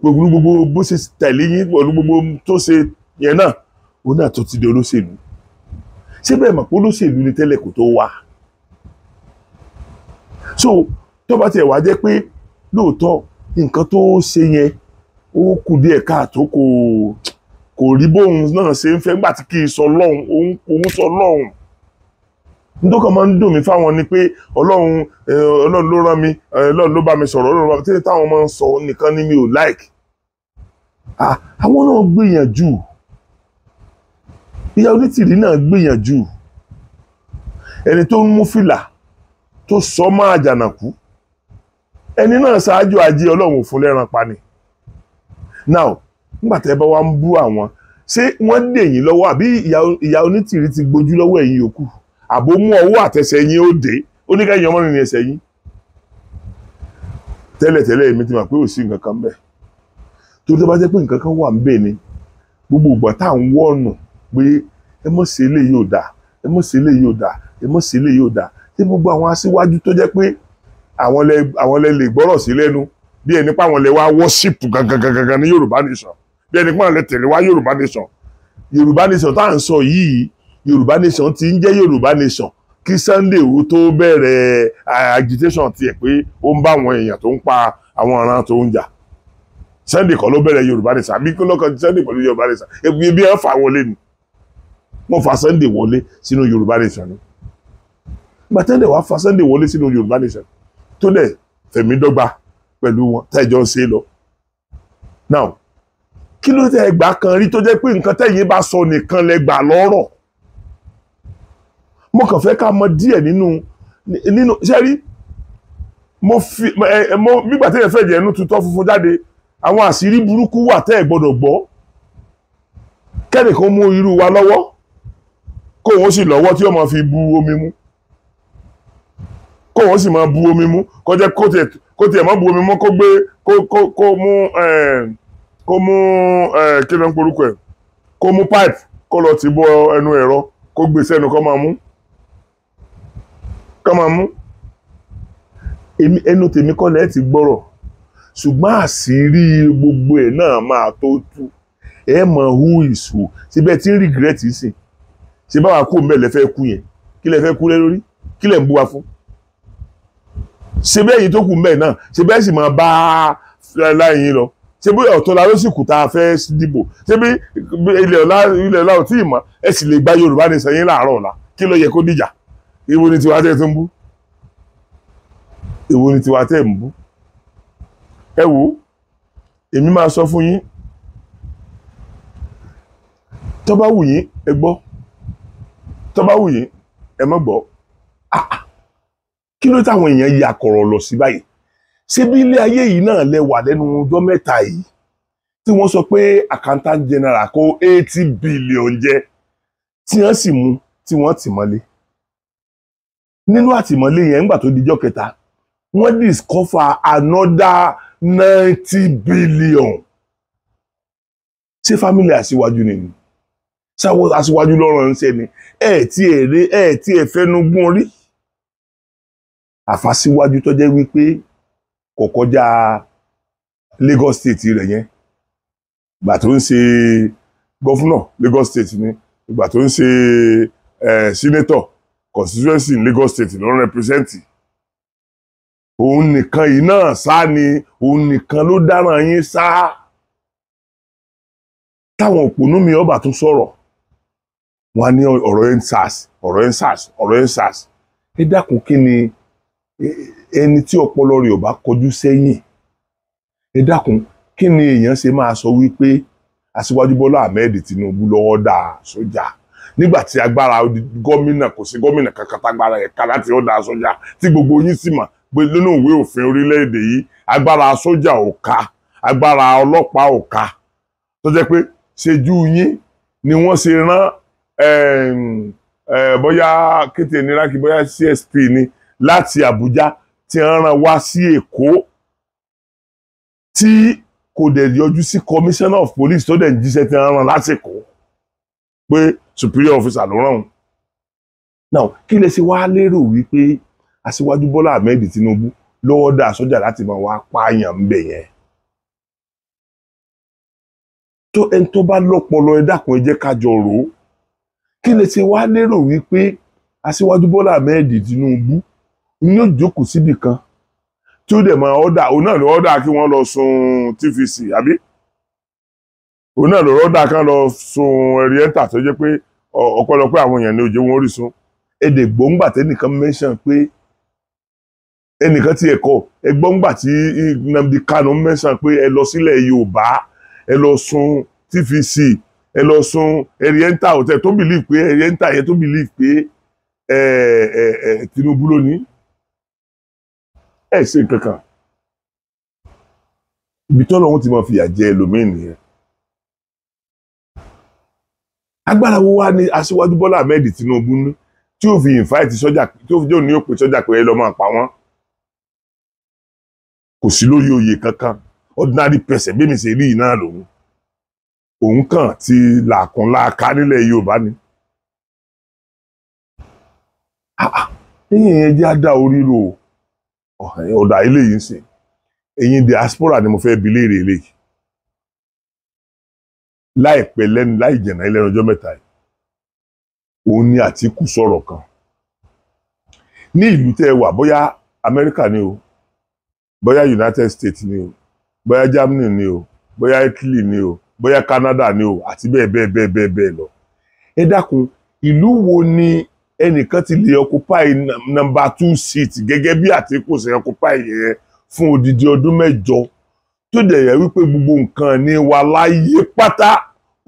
gbogbo gbogbo bó ṣe tẹ̀lé yín pẹ̀lú gbogbo tó ṣe yẹn náà òun náà tó ti di olóṣèlú ṣé bẹ́ẹ̀ mọ̀ pé olóṣèlú ni tẹ́lẹ̀ kò tó wà so tó bá tiẹ̀ wá jẹ́ pé lóòótọ́ nǹkan tó ṣe yẹn ó kù díẹ̀ káàtó kò kò rí bóun náà ṣe ń fẹ́ nígbà tí kì í sọ lọ́hùn òun òun sọ lọ́hùn nítorí kan máa ń dùn mí fáwọn ni pé ọlọ́run ọlọ́run ló rán mi ọlọ́run ló bá mi sọ̀rọ̀ ọlọ́run bá mi tẹ́lẹ̀ táwọn máa ń sọ nìkan ni mi ò like àwọn náà gbìyànjú ìyá onítìrí náà gbìyànjú ẹni tó ń mú fìlà tó sọ mọ́ àjànàkú ẹni náà ṣáájú ajé ọlọ́run òfun lẹ́ran pa ni now nígbà tẹ́ bá wá ń bú àwọn ṣé wọn dè yín lọwọ àbí ìyá onítìrí ti gbojú lọwọ ẹyin yòókù àbó mú ọwọ́ àtẹsẹ̀ yín ó dé ó ní káyọ̀ ọmọnìyàn ẹsẹ̀ yín tẹ́lẹ̀tẹ́lẹ̀ èmi ti mọ̀ pé ò sí nǹkan kan bẹ́ẹ̀ tó tó bá pé nǹkan kan ni gbogbo ìgbà tá à ń pé ẹ mọ̀ ẹ mọ̀ tí gbogbo àwọn aṣíwájú tó jẹ́ pé àwọn lẹ àwọn lẹ lè gbọ́rọ̀ sí lẹ́nu bí ẹni pa àwọn lẹ wá worship gangan gangan ní Yorùbá nation bí ẹni pa àwọn lẹ tẹ̀lé wá Yorùbá nation Yorùbá nation tá à ń sọ yìí Yorùbá nation ti ń jẹ́ Yorùbá nation kí Sunday wo tó bẹ̀rẹ̀ agitation tiẹ̀ pé ó ń bá àwọn èèyàn tó ń pa àwọn ọ̀ràn tó ń jà Sunday kọ́ ló bẹ̀rẹ̀ Yorùbá nation àbí kí ló kàn Sunday pẹ̀lú Yorùbá nation ebi ẹ fà wọlé ni wọ́n fa Sunday wọlé sínú Yorùbá nation ni gbàtẹ́lẹ̀ wàá fa Sunday wọlé sínú Yorùbá nation tó dẹ̀ fẹ̀mí dọ́gba pẹ̀lú wọn tẹ́jọ́ ń ṣe lọ. now kí ló tẹ ẹgbàá kan rí tó jẹ́ pé nǹkan tẹ́yìn bá sọ nìkan lẹ gbà lọ́rọ̀ mo kàn fẹ́ ká mọ díẹ̀ nínú nínú ṣe rí mo fi ẹ mo nígbà tẹ́yìn fẹ́ jẹ́ ẹnu tutọ́ funfun jáde àwọn àṣírí burúkú wà tẹ́ ẹ̀ gbọ́dọ̀ gbọ́ kẹ́nìkan mú irú wa lọ́wọ́ kóun ó sì lọ́wọ́ tí ó máa fi bu omi mu kó wọ́n sì máa bu omi mú kó jẹ́ kó tiẹ̀ má bu omi mú kó gbé kó mú kó mú eh, eh, kí ló ń porúkọ ẹ̀ kó mú pipe kó lọ ti bọ ẹnu ẹ̀rọ kó gbé e sẹ́nu kó máa mú kó máa mú ẹnu tèmi kọ́ lẹ́ẹ̀ ti gbọ́rọ̀ ṣùgbọ́n àṣírí gbogbo ẹ̀ náà máa tó tú ẹ mọ̀ who is who síbẹ̀ tí ń regret sí ṣe báwa kó mbẹ́ lẹ́fẹ́ kú yẹn kí lẹ́fẹ́ kú lé lórí kí lẹ́ ń bú fún ṣe bẹ́ẹ̀ yìí tó kù mbẹ́ náà ṣe bẹ́ẹ̀ sì máa bá láyìn lọ ṣe bí ọ̀tọ̀ la ló sì kù tá a fẹ́ dìbò ṣe bí ilẹ̀ ọ̀la ilẹ̀ ọ̀la ò tí ì mọ̀ ẹ sì lè gba Yorùbá ní sẹ́yìn láàárọ̀ ọ̀la kí ló yẹ kó dìjà èwo ni tiwa tẹ́ tó ń bú èwo ni tiwa tẹ́ ń bú ẹ wò èmi máa sọ fún yín tó bá wù yín ẹ gbọ́ tó bá wù yín ẹ má gbọ́ ah ah kí ló táwọn èèyàn ya kọ̀rọ̀ lọ sí báyìí síbi ilé ayé yìí náà lẹ wà lẹ́nu ọjọ́ mẹ́ta yìí tí wọ́n sọ pé accountant general kó eighty billion jẹ tí wọ́n sì mú tí wọ́n tì mọ́lé nínú àtìmọ́lé yẹn ńgbà tó dijọ́ kẹta wọ́n discover another ninety billion ṣé family àṣìwájú nìyí ṣáwọ́ àṣìwájú lọ́rọ̀ ń ṣe ni ẹ̀ tí ẹ̀ rí ẹ̀ tí ẹ̀ fẹ́nu gún orí àfàsíwájú tó jẹ́ wípé kò kọjá Lagos state rẹ̀ yẹn ìgbà tó ń ṣe gọ́fúnà Lagos state ni ìgbà tó ń ṣe senator constituency Lagos state ló ń rẹpírẹsẹ̀ntì òun nìkan yìí náà sá ni òun nìkan ló dáràn yín sá táwọn òpònú mi ọba tún sọ̀rọ̀ wọn á ní ọ̀rọ̀ ensars ọ̀rọ̀ ensars ọ̀rọ̀ ensars ẹ dákun kí ni ẹni tí ọpọlọ rẹ̀ ò bá kọjú sẹ́yìn ẹ dákun kí ni èèyàn ṣe máa sọ wípé aṣíwájú bọ́lá ahmed tinubu lọ́wọ́ dá sójà nígbà tí agbára gómìnà kò sí gómìnà kankan tágbára ẹ̀ka láti ọ̀dà sójà tí gbogbo yín sì mọ̀ pé nínú ìwé òfin orílẹ̀-èdè yìí agbára sójà ò ká agbára ọlọ́pàá ò ká tó jẹ́ pé ṣejú yín ni wọ́n ṣe rán bóyá kété ní rákì bóyá csp ni láti Àbújá tí wọ́n rán wá sí Èkó tí kò dẹ̀ yọjú sí commissioner of police tó dẹ̀ ń jíṣẹ́ tí wọ́n rán lásìkò pé superior officer ló rán now kí lè ṣe wá lérò wípé aṣíwájú Bọ́lá Ahmed Tinubu lọ́wọ́ dá sọ́jà láti máa wá pààyàn ńbẹ̀ yẹn. tó ẹni tó bá lọ́pọlọ ẹ dákun ẹ jẹ́ ká jọ rò ó kí lè ṣe wá lérò wípé aṣíwájú Bọ́lá Ahmed Tinubu ní òjòkó síbì kan tí ó dẹ̀ máa ọ́dà òun náà ló ọ́dà kí wọ́n lọ sun tvc àbí òun náà ló ọ́dà kan lọ sun ẹ̀ríẹ́tà tó jẹ́ pé ọ̀pọ̀lọpọ̀ àwọn èèyàn ní òjò wọn rí sun èdè gbòǹgbà tẹ́nìkan mẹ́sàn pé ẹnìkan ti ẹ̀kọ́ ẹgbọ́ngbà tí Nnamdi Kanu mẹ́sàn pé ẹ lọ sílẹ̀ Yorùbá ẹ lọ sun tvc ẹ lọ sun ẹ̀ríẹ́ntà òtẹ́ tó bìlíì pé ẹ̀ríẹ́ntà yẹn tó bìlíì pé Tinubu ló ẹ ṣe nǹkan kan ibi tọ́lọ̀ wọn ti máa fìyà jẹ ẹlòmíín nìyẹn agbára wo wá ní aṣíwájú Bọ́lá Ahmed Tinubu ní tí ó fi ìfáìtì sọ́jà tí ó fi jẹ́ òní òpè sọ́jà pé ẹ lọ́ máa pa wọ́n kò sí lóye oyè kankan ordinary person bí mi ṣe rí iná lòun òun kàn ti làkúnláàká nílẹ̀ Yorùbá ni ẹ̀yìn ah, ah. yẹn á dá orí ro o. ọ̀dà yìí ń sìn ẹ̀yin diaspora ni mo fẹ́ bi léèrè eléyìí láìpẹ́ lẹ́nu láì jẹ̀nà ẹlẹ́nu ọjọ́ mẹ́ta yìí òun ni Àtìkù sọ̀rọ̀ kan ní ìlú tẹ́ wà bóyá Amẹ́ríkà ni o bóyá United States ni o bóyá Germany ni o bóyá Italy ni o bóyá Canada ni o àti bẹ́ẹ̀ bẹ́ẹ̀ bẹ́ẹ̀ bẹ́ẹ̀ bẹ́ẹ̀ lọ ẹ dákun ìlú wo ni ẹnìkan ti lè occupy number two seat gẹ́gẹ́ bí Àtíkù ṣe occupy yẹn fún odidi ọdún mẹ́jọ tó dẹ̀ yẹ wípé gbogbo nǹkan ní wa láyé pátá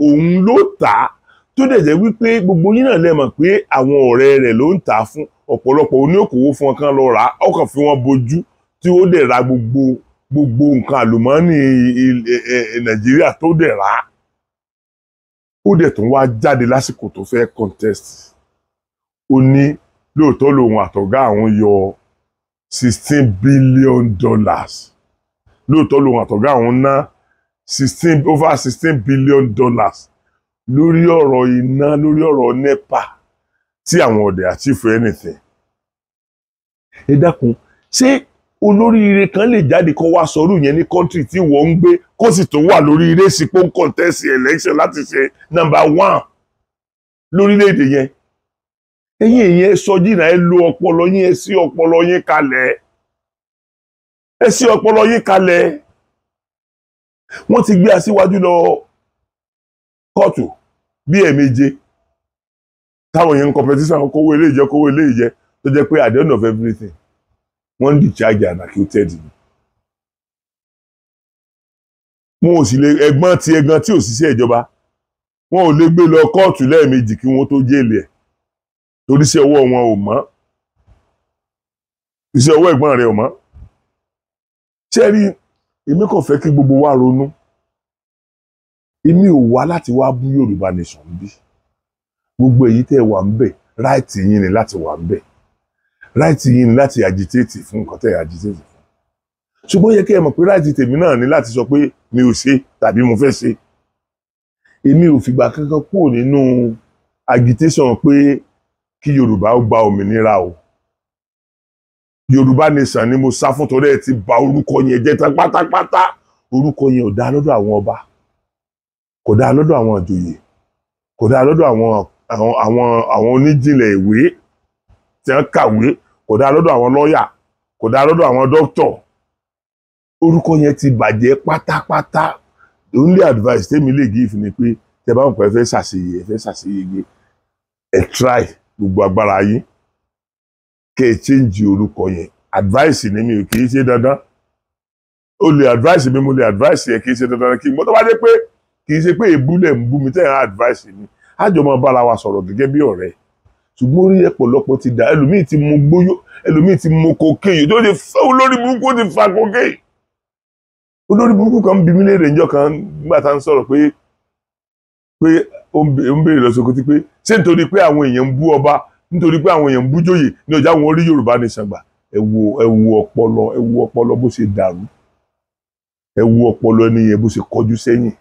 òun ló tà á tó dẹ̀ jẹ́ wípé gbogbo yín náà lè mọ̀ pé àwọn ọ̀rẹ́ rẹ̀ ló ń tà á fún ọ̀pọ̀lọpọ̀ oníòkòwò fún ọkàn lọ rà á ọkàn fi wọn bojú tí ó dẹ̀ ra gbogbo gbogbo nǹkan àlùmọ́ọ́nì e, e, e, Nàìjíríà tó dẹ̀ rà á ó dẹ̀ tún wá jáde lásìkò tó fẹ́ contest ó ní lóòótọ́ lòun àtọ̀gá àwọn yọ sixteen billion dollars lóòótọ́ lòun àtọ̀gá àwọn ná sixteen over sixteen billion dollars lórí ọ̀rọ̀ iná lórí ọ̀rọ̀ nepa tí àwọn ọ̀dẹ̀ achieve anything. ẹ dákun ṣé olóríire kan lè jáde kó wá sọrú yẹn ní kọ́ńtì tí wọ́n ń gbé kó sì tó wà lórí eré sípò ń kọ̀ǹtẹ́sì election láti ṣe number one lórílẹ̀‐èdè yẹn eyín ìyẹn sọjí náà ẹ lo ọpọlọ yín ẹ ṣí ọpọlọ yín kalẹ ẹ ṣí ọpọlọ yín kalẹ̀ wọ́n ti gbé aṣíwájú lọ kóòtù bí ẹ̀ẹ̀méje táwọn yẹn ń competition kówó ilé ìjẹ kówó ilé ìjẹ tó jẹ́ pé àdéhùn the of everything wọ́n ń discharge and acquitted ni wọn ò sì lè ẹ̀gbọ́n ti ẹ̀gbọ́n tí ò sì ṣiṣẹ́ ìjọba wọn ò lè gbé lọ kóòtù lẹ́ẹ̀mejì kí wọ́n tó jẹ́lẹ̀ ẹ̀ torí iṣẹ́ ọwọ́ wọn ò mọ́ iṣẹ́ ọwọ́ ẹ̀gbọ́n rẹ̀ ò mọ́ ṣé rí èmi kàn fẹ́ kí gbogbo wa ronú èmi ò wá láti wá bú Yorùbá nation bí gbogbo èyí tẹ́ ẹ wà ń bẹ̀ ráìtì yín ni láti wà ń bẹ̀ ráìtì yín ni láti agitéètì fún nǹkan tẹ́ ẹ agitéètì fún ṣùgbọ́n yẹ kí ẹ mọ̀ pé ráìtì tèmi náà ni láti sọ pé mi ò ṣe tàbí mo fẹ́ ṣe èmi ò fìgbà kankan kúrò nínú agitation pé kí yorùbá ó gba òmìnira o yorùbá nation ni mo sá fún torí ẹ ti bà orúkọ yẹn jẹ́ tán pátápátá orúkọ yẹn ò dáa lọ́dọ̀ àwọn ọba kò dáa lọ́dọ̀ àwọn àjòyè kò dáa lọ́dọ̀ àwọn àwọn àwọn àwọn oníjìnlẹ̀ ìwé tí wọ́n kàwé kò dáa lọ́dọ̀ àwọn lọ́ọ̀yà kò dáa lọ́dọ̀ àwọn dókítọ̀ orúkọ yẹn ti bàjẹ́ pátápátá the only advice tèmi lè give ni pé tẹ́ bá ń pẹ́ fẹ́ ṣàṣeyẹ fẹ́ ṣàṣeyege ẹ try gbogbo agbára yín kẹ́ ẹ change orúkọ yẹn advice ni mi ò kì í ṣe dandan o lè advice mi mo lè advice yẹn kì í ṣe dandan kí n mọ́ tó bá dé pé kì í ṣe pé èébú ń bú mi tẹ́ ẹ̀ advice mi á jọ máa bára wa sọ̀rọ̀ gẹ́gẹ́ bí ọ̀rẹ́ ṣùgbọ́n orí ẹ̀pọ̀lọpọ̀ ti dà ẹlòmíì ti mu gbóyó ẹlòmíì ti mu kokéyì tó ti fẹ́ olórí burúkú ti fa kokéyì olórí burúkú kan bí mi léèrè níjọ́ kan nígbà tá à ń sọ̀rọ̀ pé pé ó ń béèrè lọ Sókótì pé ṣé nítorí pé àwọn èèyàn ń bú ọba nítorí pé àwọn èèyàn ń bú jòyè ní ọjà wọn rí Yorùbá Nation gbà ẹ wo ẹ wo ọpọlọ ẹ wo ọpọlọ bó ṣe dàrú ẹ wo ọpọlọ ẹni yẹn bó ṣe kọjú sẹ́yìn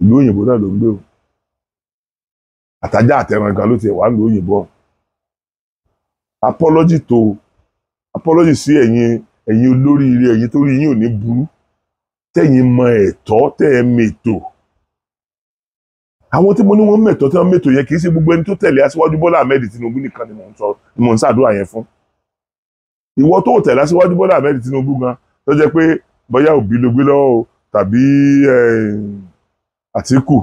ìlú òyìnbó náà ló ń gbé o àtàjà àtẹrangan ló ti wà ní òyìnbó apology tó apology sí ẹ̀yin ẹ̀yin olóríire ẹ̀yin tó rí yín ò ní burú tẹ̀yin mọ ẹ̀tọ́ tẹ̀ ẹ̀ mètò àwọn tí mo ní wọ́n mẹ̀tọ́ tí wọ́n mẹ̀tọ́ yẹn kì í ṣe gbogbo ẹni tó tẹ̀lé aṣíwájú Bọ́lá Ahmed Tinubu nìkan ni mò ń ṣàdúrà yẹn fún ìwọ tó tẹ̀lé aṣíwájú Bọ́lá Ahmed Tinubu gan tó jẹ́ pé bóyá òbí ló gbé lọ́wọ́ o tàbí eh, Àtíkù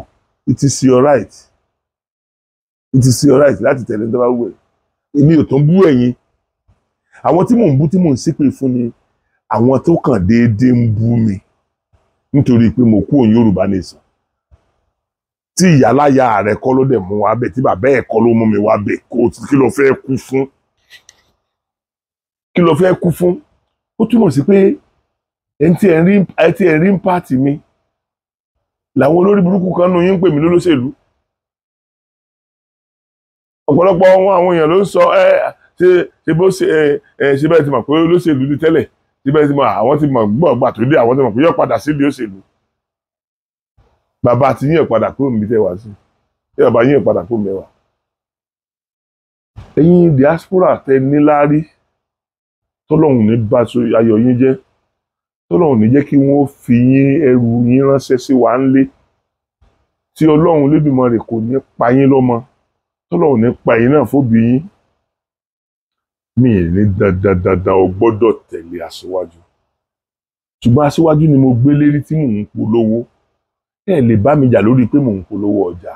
it is your right it is your right láti tẹ̀lé ní tó bá wù ẹ́ èmi ò tó ń bú ẹ̀yin àwọn tí mò ń bú tí mò ń ṣépè fún ni àwọn tó kàn déédéé ń bú mi nítorí pé mo kú òun Yorùbá nation tí ìyáláyà rẹ kọ́ ló dẹ̀ mú wa bẹ̀ tí bàbá ẹ̀ kọ́ ló mú mi wá bẹ̀ kó kí ló fẹ́ kú fún kí ló fẹ́ kú fún ó túmọ̀ sí pé ẹni tí ẹ̀ ń rí ń pààtì mi làwọn olórí burúkú kan nù yín ń pè mí lólóṣèlú ọ̀pọ̀lọpọ̀ ohun àwọn èèyàn ló ń sọ ẹ ṣe ṣe bó ṣe ẹ ṣe bẹ́ẹ̀ ti mọ̀ pé olóṣèlú ni tẹ́lẹ̀ ṣe bẹ́ẹ̀ ti mọ̀ àwọn ti mọ̀ gbọ́ ọgbà tó dé àwọn ti mọ̀ pé yóò padà síbi òṣèlú bàbá ti yín ọ̀padà kúrò níbi tẹ́ wá sí ẹ bàbá yín ọ̀padà kúrò mẹ́wàá. ẹ̀yin diaspora tẹ níláárí tọ́lọ́hùn ní bá ayọ̀ yín jẹ́ tọ́lọ́hùn ní jẹ́ kí wọ́n fi yín ẹrù yín ránṣẹ́ sí wa ńlé tí ọlọ́run lódùmarè kò ní pa yín lọ́mọ tọ́lọ́hùn ní pa yín náà fóbi yín mi ì ní dandan dandan o gbọ́dọ̀ tẹ̀lé aṣíwájú ṣùgbọ́n aṣíwájú ni mo gbé lérí tí mò ń polówó ẹ lè bá mi jà lórí pé mò ń polówó ọjà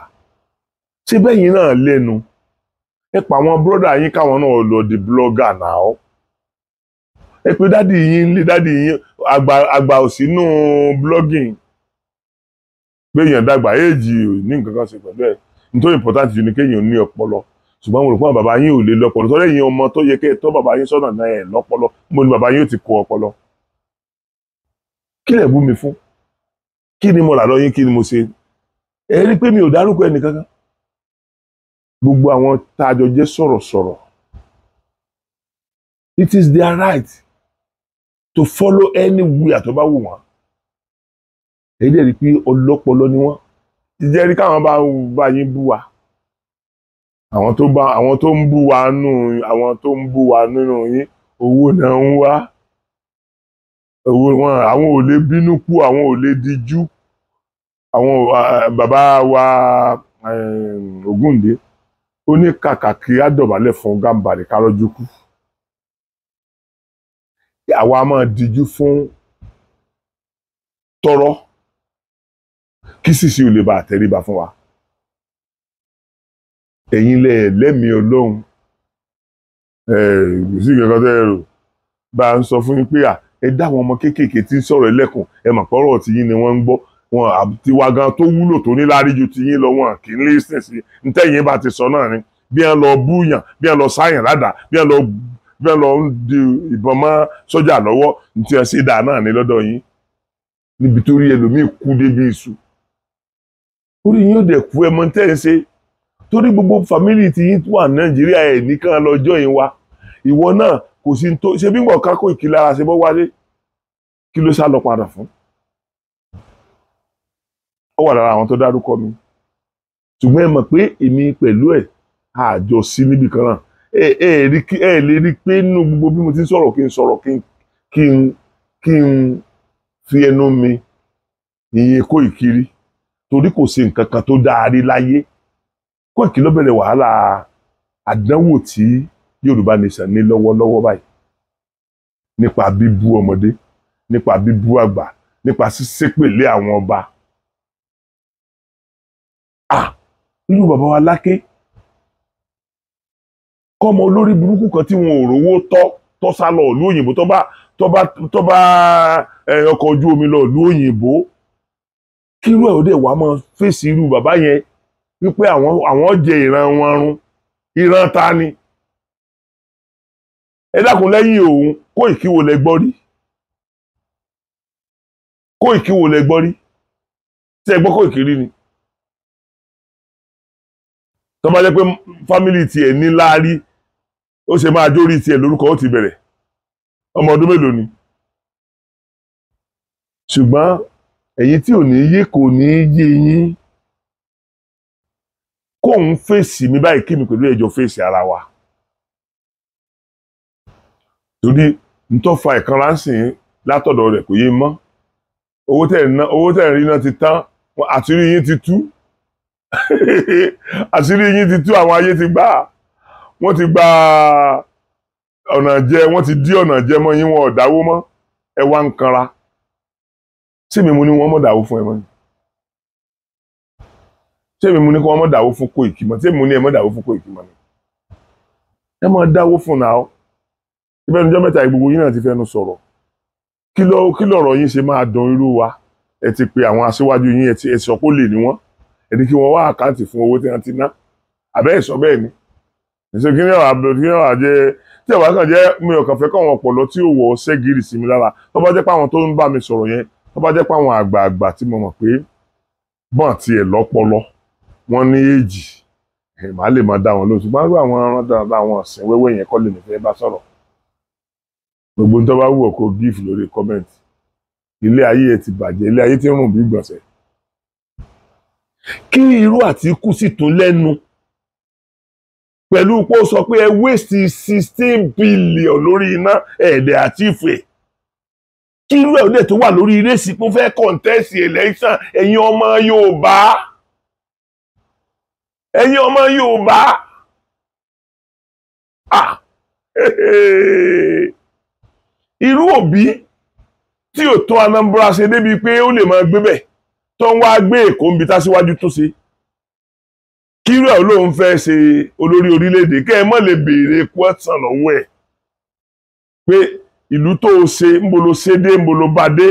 ṣé bẹ́yìn náà lẹ́nu ẹ pa àwọn bírọ́dà yín káwọn náà lọ di blọ́gà náà ẹ pé dádì yín lé dádì yín àgbà òsínú blogging pé èèyàn dàgbà éèjì ní nǹkan kan ṣe pẹ̀lú ẹ̀ nítorí important jù ni kéèyàn ní ọpọlọ ṣùgbọ́n mo rò pé àwọn bàbá yín ò lè lọ́pọlọ tọ́lá ẹ̀yin ọmọ tó yẹ kẹ́ ẹ tọ́ bàbá yín sọ́nà náà ẹ̀ lọ́pọlọ mo ní bàbá yín ò ti kó ọpọlọ kí lẹ̀ bú mi fún kí ni mo rà lọ́yìn kí ni mo ṣe ẹ rí pé mi ò dárúkọ ẹnìkankan gbogbo àwọn tá a jọ jẹ́ it is their right to follow anywhere tó bá wù wọ́n èyí dẹ̀ rí pé ọlọ́pọlọ ni wọ́n ìjẹ́ rí káwọn bá bá yín bú wa àwọn tó ń bú wa nù àwọn tó ń bú wa nínú yín owó náà ń wá wọn àwọn ò lè bínú kú àwọn ò lè dijú àwọn bàbá wa Ògúndé ó ní kàkà kí á dọ̀bálẹ̀ fún Gàmbàrí kárọ́jú kú àwa máa dijú fún tọrọ kí sìsì ò lè bá àtẹríba fún wa ẹ̀yin lẹ lẹ́mìí Ọlọ́run ẹ̀ kò sí ìkẹ́kọ̀ọ́ tẹ́ ẹ rò bá a ń sọ fún yín pé à ẹ dá àwọn ọmọ kéékèèké tí ń sọ̀rọ̀ ẹlẹ́kùn ẹ mà pọ́rọ̀ tiyín ni wọ́n ń gbọ́ wọn àti wa gan tó wúlò tó ní láàrí ju tiyín lọ wọn kì í listen sí ntẹ́yìn bá ti sọ náà ni bí wọn lọ búyàn bí wọn lọ sáyàn ládàá bí wọn lọ bí wọn lọ ń di ìbọn mọ́ sọ́jà lọ́wọ́ ntí wọn ṣe dáa náà ní lọ́dọ̀ yín níbi tó rí ẹlòmíì kú débi ìṣù orí yín ó dẹ̀ kú ẹ mọ tẹ́ ẹ ṣe torí gbogbo fámìlì tí yín wà nàìjíríà ẹ̀ nìkan lọ́jọ́ yìí ìwọ náà kò sí tó ṣe bí wọ́n kákó ìkìlára ṣe bọ́ wálé kí ló sá lọ padà fún. ó wà lára àwọn tó dárúkọ mi ṣùgbọ́n ẹ mọ̀ pé èmi pẹ̀lú ẹ̀ àjọ sí níbi kan náà ẹ ẹ rí ẹ lè rí pé nínú gbogbo bí mo ti ń sọ̀rọ̀ kí n sọ̀rọ̀ kí n kí n fi ẹnu mi ìyẹn kó ìkiri torí kò sí nǹkan kan tó dáa rí láyé kó ìkiri wàhálà àdánwò tí yorùbá nation ní lọ́wọ́lọ́wọ́ báyìí nípa bíbú ọmọdé nípa bíbú àgbà nípa ṣíṣépèlé àwọn ọba ah irú bàbá wa láké kọ́mọ olórí burúkú kan tí wọn ò rówó tọ́ tọ́ sá lọ ìlú òyìnbó tó bá tó bá tó bá ọkọ̀ ojú omi lọ ìlú òyìnbó kírú ẹ̀ ò dẹ̀ wá máa fèsì irú bàbá yẹn wípé àwọn àwọn jẹ ìran wọn run ìran ta ni ẹ dákun lẹ́yìn òun kó ìkíwò lẹ gbọ́ rí kó ìkíwò lẹ gbọ́ rí tí ẹ gbọ́ kó ìkírí ni tó bá jẹ́ pé fámìlì tiẹ̀ ní láárí ó ṣe máa jórí tiẹ̀ lórúkọ ó ti bẹ̀rẹ̀ ọmọ ọdún mélòó ni ṣùgbọ́n ẹ̀yin tí ò ní yé kò ní yé yín kóun fèsì mi báyìí kí mi pẹ̀lú ẹ̀jọ̀ fèsì ara wa torí ntọ́ fa ìkanra ń sìn látọ̀dọ̀ rẹ̀ kò yé mọ́ owó tẹ̀ ná owó tẹ̀ rí náà ti tán àṣírí yín ti tú àṣírí yín ti tú àwọn ayé ti gbà wọ́n ti gba ọ̀nà jẹ wọ́n ti dí ọ̀nà jẹ mọ́ yín wọn ò mọ́ ẹ wá ń kanra ṣé mi mo ní wọ́n mọ̀ dáwó fún ẹ mọ́ ni ṣé mi mo ní kí wọ́n mọ̀ dáwó fún Koiki mọ́ ṣé mi mo ní ẹ mọ̀ dáwó fún Koiki mọ́ ni ẹ mọ̀ dáwó fún náà ìfẹnujọ́ mẹ́ta gbogbo yín náà ti fẹnu sọ̀rọ̀ kí ló kí lọ̀rọ̀ yín ṣe máa dán irú wa ẹ ti pe àwọn aṣíwájú yín ẹ ti ẹ sọ pé lè ní wọn ẹ ní kí wọn wá àkáǹtì fún owó tí wọn ti ná àbẹ́ ẹ̀ sọ bẹ́ẹ̀ ni ìṣe kí ní ọ̀rọ̀ àbẹ̀rẹ̀ kí ní ọ̀rọ̀ àjẹ tí ọ̀rọ̀ àkànjẹ mi ò kàn fẹ́ káwọn ọ̀pọ̀lọ́ tí ò wọ̀ ọ́ ṣẹ́gìrì sí mi lára tó bá jẹ́ pé àwọn tó ń bá mi sọ̀rọ̀ yẹn tó bá jẹ́ pé àwọn àgbààgbà tí mo mọ̀ pé bọ́n tiẹ̀ lọ́pọlọ wọ́n ní èjì màá lè máa dá wọn lóṣù máa àwọn ọ̀ràn dáadáa àwọn ọ̀sìn wẹ́wẹ́ yẹn kọ́ lè nífẹ̀ẹ́ bá sọ̀rọ̀ gbogbo tó bá wù ọ́ kó gífù lórí comment ilé ayé ẹ ti bàjẹ́ ilé ayé ti rùn bí gbọ̀nsẹ̀ kí irú Àtíkù sì tún lẹ́nu pẹ̀lú pé ó sọ pé ẹ waste sixteen billion lórí iná ẹ̀ẹ́dẹ̀ àti ìfẹ́ kí irú ẹ̀ lè tó wà lórí irésì pé fẹ́ contest election ẹ̀yin ọmọ Yorùbá ẹ̀yin ọmọ Yorùbá ah. irú òbí tí ò tún Anambra ṣe débi pé ó lè máa gbébẹ̀ tó ń wá gbé Èkó ń bi tá síwájú tún ṣe kírú ẹ̀ lóun fẹ́ ṣe olórí orílẹ̀-èdè kẹ́ ẹ mọ̀ lè béèrè kwẹ́tàn lọ́wọ́ ẹ̀ pé ìlú tó o ṣe ń bolo ṣe dé ń bolo bá dé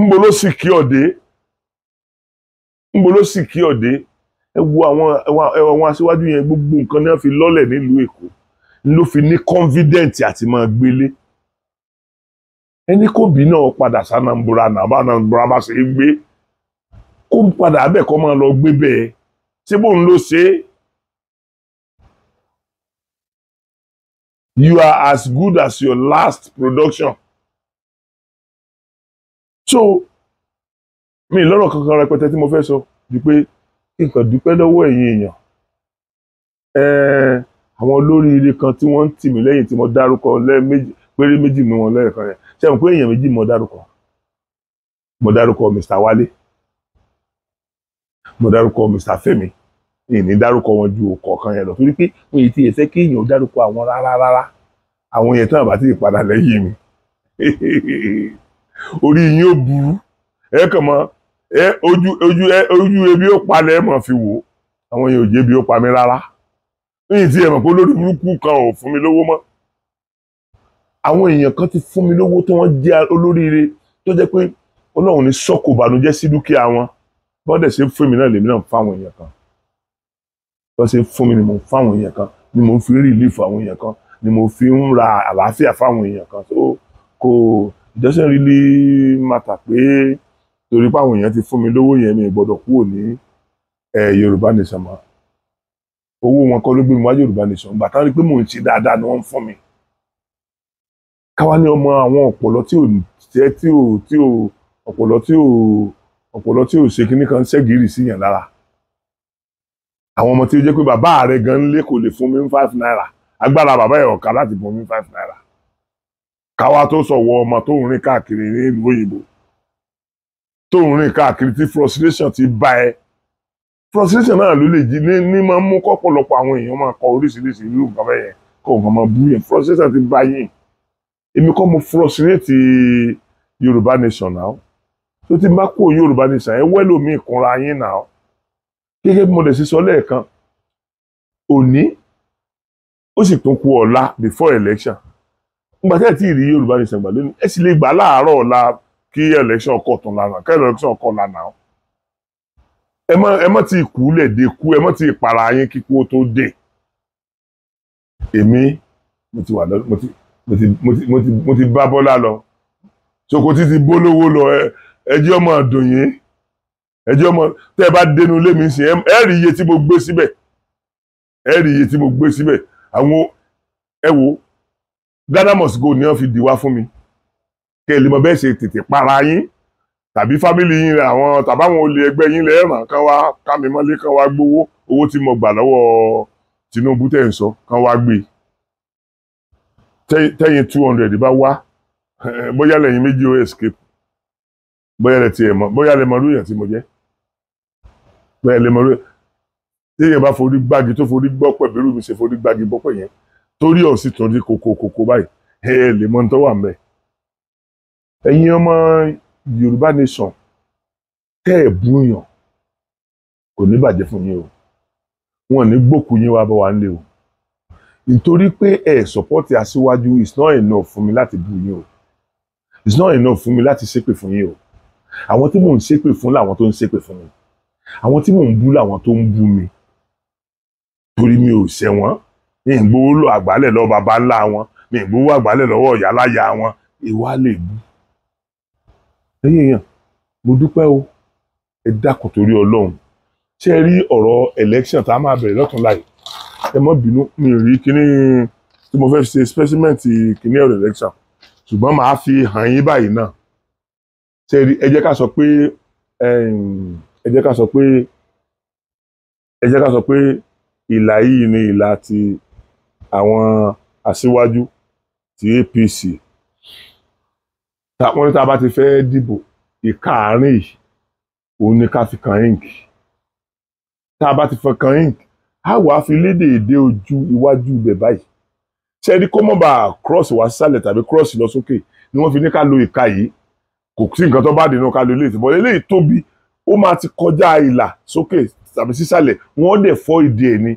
ń bolo sì kí ọ̀dé ń bolo sì kí ọ̀dé ẹ wo àwọn aṣíwájú yẹn gbogbo nǹkan ni wọ́n fi lọ́lẹ̀ nílùú Èkó ló fi ní confident àti máa gbélé ẹni kò náà padà sanambura nàbà nàbà bá ṣe gbé kó padà abẹ́ kọ́ máa lọ gbé bẹ́ẹ̀ ṣé bóun ló ṣe you are as good as your last production. so mi lọ́rọ̀ kankan rẹpẹtẹ tí mo fẹ́ sọ ju pé nǹkan dúpẹ́ lọ́wọ́ ẹ̀yin èèyàn àwọn olórí ilé kan tí wọ́n ń tì mí lẹ́yìn tí mo dárúkọ lẹ́ẹ̀mejì péré méjì nu wọn lẹ́ẹ̀kan yẹn ṣé mo pé èèyàn méjì mo dárúkọ mo dárúkọ Mr Wálé mo dárúkọ Mr Femi, ìní dárúkọ wọn ju ọ̀kọ̀ọ̀kan yẹn lọ torí pé mo yìí ti ẹsẹ kí èèyàn dárúkọ àwọn rárá rárá àwọn yẹn tán àbá ti padà lẹ́yìn mi orí yín ó burú ẹ kàn mọ ẹ ojú ojú ẹ ojú ebi ó palẹ̀ ẹ mọ̀ fi wò àwọn yẹn ò jẹ́ ó pa mí rárá yìí tí ẹ mọ̀ pé olórí burúkú kan ò fún mi lówó mọ́ àwọn èèyàn kan ti fún mi lówó tí wọ́n jẹ́ olóríire tó jẹ́ pé ọlọ́run ní sọ́kò ìbànújẹ́ sí dúkìá wọn bọ́n dẹ̀ ṣe fún mi náà lèmi náà fáwọn èèyàn kan bọ́n ṣe fún mi ni mo fáwọn èèyàn kan ni mo fi ń relief àwọn èèyàn kan ni mo fi ń ra àlàáfíà fáwọn èèyàn kan so kò it doesn't really matter pé torí pé àwọn èèyàn ti fún mi lówó yẹn mi gbọ́dọ̀ kúrò ní eh, Yorùbá nation mọ́ owó wọn kọ́ ló gbé mi wá Yorùbá Nation gbà tán rí pé mò ń ṣe dáadáa ni wọ́n ń fún mi káwa ní ọmọ àwọn ọ̀pọ̀lọ́ tí ò tẹ́ tí ò tí ò ọ̀pọ̀lọ́ tí ò ọ̀pọ̀lọ́ tí ò ṣe kínní kan ṣẹ́gìrì sí yàn lára àwọn ọmọ tí ó jẹ́ pé bàbá rẹ̀ gan lé kò lè fún mi five naira agbára bàbá ẹ̀ ọ̀ka láti fún mi ní five naira káwa tó sọ̀wọ́ ọmọ tó ń rìn káàkiri ní ìlú òyìnbó tó ń rìn káàkiri tí frustration ti bá ẹ frustration náà ló lè jí ní máa ń mú kọ́pọ̀lọpọ̀ àwọn èèyàn máa kọ oríṣiríṣi irú nǹkan bẹ́ẹ̀ yẹn kó nǹkan máa bú yẹn frustration ti bá yín èmi kọ́ mo frustrate Yorùbá nation náà tó ti bá kó Yorùbá nation ẹ wẹ́lò mi ìkunra yín náà gẹ́gẹ́ bí mo lè ṣe sọ lẹ́ẹ̀kan òní ó sì tún kú ọ̀la before election ngbà tẹ́ ẹ̀ tí ì rí Yorùbá nation gbà lónìí ẹ sì lè gbà láàárọ̀ ọ̀la kí election kọ̀ tún lànà kí election kọ̀ ẹ mọ́ ẹ mọ́ ti kú lẹ̀ dé kú ẹ mọ́ ti para yín kíkú tó dé èmi mo ti wà lọ mo ti mo ti mo ti mo ti bá Bọ́lá lọ Sokoti ti bólówó lọ ẹjẹ́ ọmọ dùn yín ẹjẹ́ ọmọ tẹ́ ẹ bá dénú ilé mi sìn ẹ rí iye tí mo gbé síbẹ̀ ẹ rí iye tí mo gbé síbẹ̀ àwọn ẹ wo Ghana must go ni wọ́n fi dìwá fún mi kẹ́ ẹ lè mọ ṣe tètè para yín tàbí fámìlì yín rẹ àwọn tàbáwọn olè ẹgbẹ́ yín lẹ ràn kán wá kámi mọ́lé kán wá gbowó owó tí mo gbà lọ́wọ́ Tinubu tẹ̀ ń sọ kán wá gbé tẹ́yìn two hundred bá wá bóyá lẹ́yìn méjì ó escape bóyá lẹ tiẹ̀ mọ̀ bóyá lẹ mọ̀ lórí èèyàn tí mo jẹ́ bóyá lẹ mọ̀ lórí téèyàn bá forí gbági tó forí gbọ́ pẹ̀ bẹ́rù mi ṣe forí gbági bọ́ pẹ̀ yẹn torí ọ̀ sì tún di kòkòkòkò báyìí ẹ lè mọ̀ ní wà ń bẹ̀ ọmọ yorùbá nation tẹ́ ẹ̀ bú yàn kò ní bàjẹ́ fún yín o wọn ní gbòkú yín wá bá wa nílé o nítorí pé ẹ sọpọ́tì aṣíwájú is not enough fún mi láti bú yín o is not enough fún mi láti ṣépè fún yín o àwọn tí mò ń ṣépè fún làwọn tó ń ṣépè fún mi àwọn tí mò ń bú làwọn tó ń bú mi torí mi ò ṣẹ̀ wọ́n mi ń gbowó lọ àgbálẹ̀ lọ́ọ́ baba ńlá wọn mi ń gbowó àgbálẹ̀ lọ́wọ́ wọn ìwà lè bú ẹ̀yin èèyàn mo dúpẹ́ o ẹ dákun torí ọlọ́run ṣé ẹ rí ọ̀rọ̀ election tá a máa bẹ̀rẹ̀ lọ́tún láì ẹ mọ́ bínú mi ò rí kíní tí mo fẹ́ ṣe specimen ti kíní ọ̀rọ̀ election ṣùgbọ́n màá fi hàn yín báyìí náà ṣé ẹ rí ẹ jẹ́ ká sọ pé ẹ jẹ́ ká sọ pé ẹ jẹ́ ká sọ pé ìlà yìí ni ìlà ti àwọn aṣíwájú ti APC wọ́n ní tá a bá ti fẹ́ dìbò ìkaàárín yìí òun ni ká fi kan ink tá a bá ti fẹ́ kan ink a wàá fi lédè èdè ojú iwájú ibẹ̀ báyìí ṣe ni kó mọ̀ bá cross wá sísàlẹ̀ tàbí cross lọ sókè ni wọ́n fi ní ká lo ìka yìí kò sí nǹkan tó bá dènà ká lo eléyìí bọ́lá eléyìí tóbi ó máa ti kọjá ìlà sókè tàbí sísàlẹ̀ wọ́n dẹ̀ fọ́ ìdí ẹ̀ ni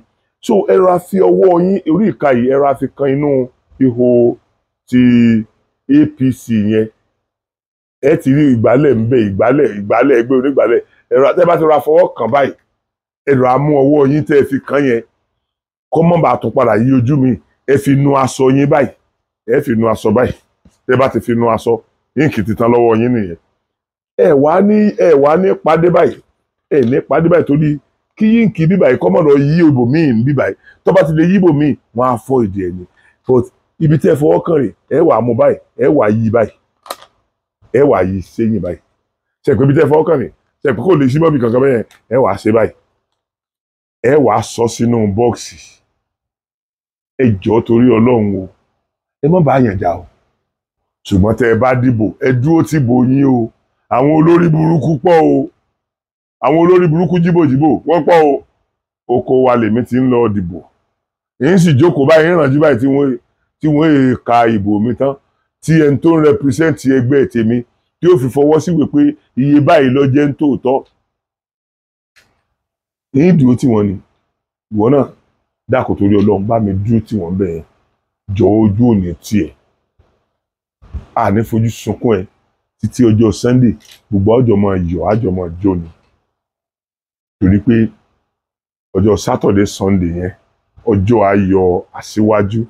so ẹ̀rọ àfi ọwọ́ yín orí ìka yìí ẹ̀rọ àfi kan inú ihò ti APC yẹn ẹ ti rí ìgbálẹ̀ ń bẹ ìgbálẹ̀ ìgbálẹ̀ ẹgbẹ́ onígbálẹ̀ ẹ̀rọ àti ẹ̀bá ti ra fọwọ́ kàn báyìí ẹ̀rọ amú ọwọ́ yín tẹ́ ẹ fi kàn yẹn kó mọ́ bàa tún padà yí ojú mi ẹ fi nu aṣọ yín báyìí ẹ fi nu aṣọ báyìí tẹ́ bá ti fi nu aṣọ yín kì í ti tán lọ́wọ́ yín nìyẹn ẹ wá ní ẹ wá ní padé báyìí ẹ ní padé báyìí torí kí yín kì í bíbáyìí kọ́ mọ̀ lọ yí ibòmíì bíbáyìí tó bá ti lè yí ibòmíì wọ́n á fọ́ ìdí ẹ̀ ní but ibi tí fọwọ́ kàn rè ẹ wà mú báyìí ẹ wà yí báyìí ẹ wà yí sẹ́yìn báyìí ṣẹ̀pẹ́ bí tẹ́ fọwọ́ kàn ní ṣẹ̀pẹ́ kò lè sí mọ́bì kankan bẹ́yẹn ẹ wà ṣe báyìí ẹ wà sọ sínú bọ́ọ̀sì ẹ jọ torí ọlọ́run o ẹ má bá yànjà o ṣùgbọ́n tẹ́ ẹ bá dìbò ẹ dúró tìbò yín o àwọn olórí burúkú pọ̀ o àwọn olórí burúkú jíbòjíbò wọ́n pọ̀ o oko wa lèmi ti ń lọ dìbò èyí sì jókòó báyìí ìrànjú báyìí tí wọ́n èè ka ìbò mi tán tí ẹni tó ń represent ẹgbẹ́ tèmi tí ó fi fọwọ́ síwèé pé iye báyìí ló jẹ́ ń tòótọ́ ní ìdúró tí wọ́n ni ìwọ náà dákò torí ọlọ́run bá mi dúró tí wọ́n bẹ̀ yẹn jọ ojú òní tiẹ̀ àní sunkún ẹ títí ọjọ́ Sunday gbogbo ọjọ́ máa yọ̀ àjọ máa jó ni torí pé ọjọ́ Saturday Sunday yẹn ọjọ́ ayọ̀ aṣíwájú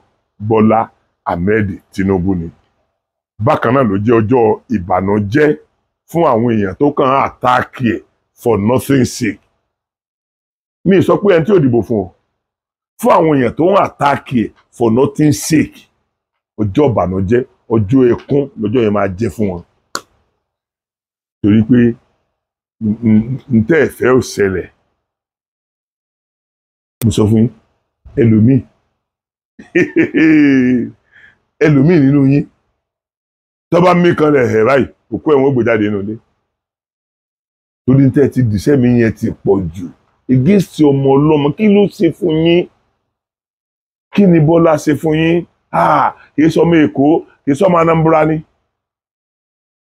Bọ́lá Ahmed Tinubu ni bákan náà ló jẹ́ ọjọ́ ìbànújẹ́ fún àwọn èèyàn tó kàn án àtáàkì for nothing sake mi sọ pé ẹni tí ò dìbò fún ọ fún àwọn èèyàn tó ń àtáàkì ẹ̀ for nothing sake ọjọ́ ìbànújẹ́ ọjọ́ ẹkún lọ́jọ́ yẹn máa jẹ́ fún wọn torí pé ntẹ́ ẹ̀fẹ́ ò ṣẹlẹ̀ mo sọ fún yín ẹlòmíì ẹlòmíì nínú yín tó bá mí kan rẹ̀ hẹ̀ báyìí òkú ẹ̀ wọ́n gbé jáde nínú ilé torí tẹ́ ti dìṣẹ́ mi yẹn ti pọ̀ jù ìgésì ọmọ ọlọ́mọ kí ló ṣe fún yín kí ni Bọ́lá ṣe fún yín ah, kìí sọmọ Èkó kìí sọmọ Anambra ni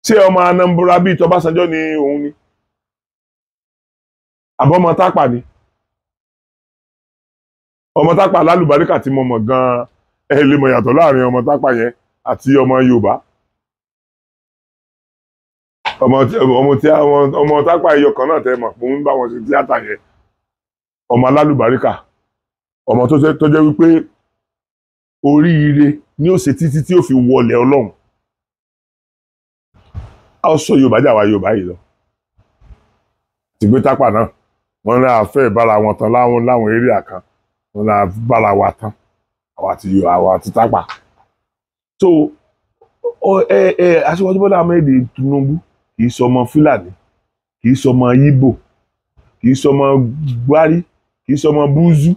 ṣé ọmọ Anambra bíi tọ́básanjọ́ ni òun ni àbọ̀mọ tápà ni ọmọ tápà lálùbáríkà tí mo mọ̀ gan-an ẹ̀ lè mọ̀ yàtọ̀ láàrin ọmọ tápà yẹn àti ọmọ Yorùbá ọmọ tí ọmọ tápà ẹyọ kan náà tẹ́ mọ̀ mo ń bá wọn ṣe tíátà yẹn ọmọ alálùbáríkà ọmọ tó jẹ́ wípé oríire ni ó títí tí ó fi wọlé ọlọ́run a ó sọ yorùbá jàwá yorùbá yìí lọ tìgbé tápà náà wọ́n ní àfẹ́ ìbára wọn tán láwọn láwọn eré àkàn wọ́n ní àbára wa tán àwa ti yọ àwa ti tápà so ẹ ẹ Aṣíwájú Bọ́lá Ahmed Tinubu kì í sọmọ fúlàní kì í sọmọ yíbò kì í sọmọ gwari kì í sọmọ búzú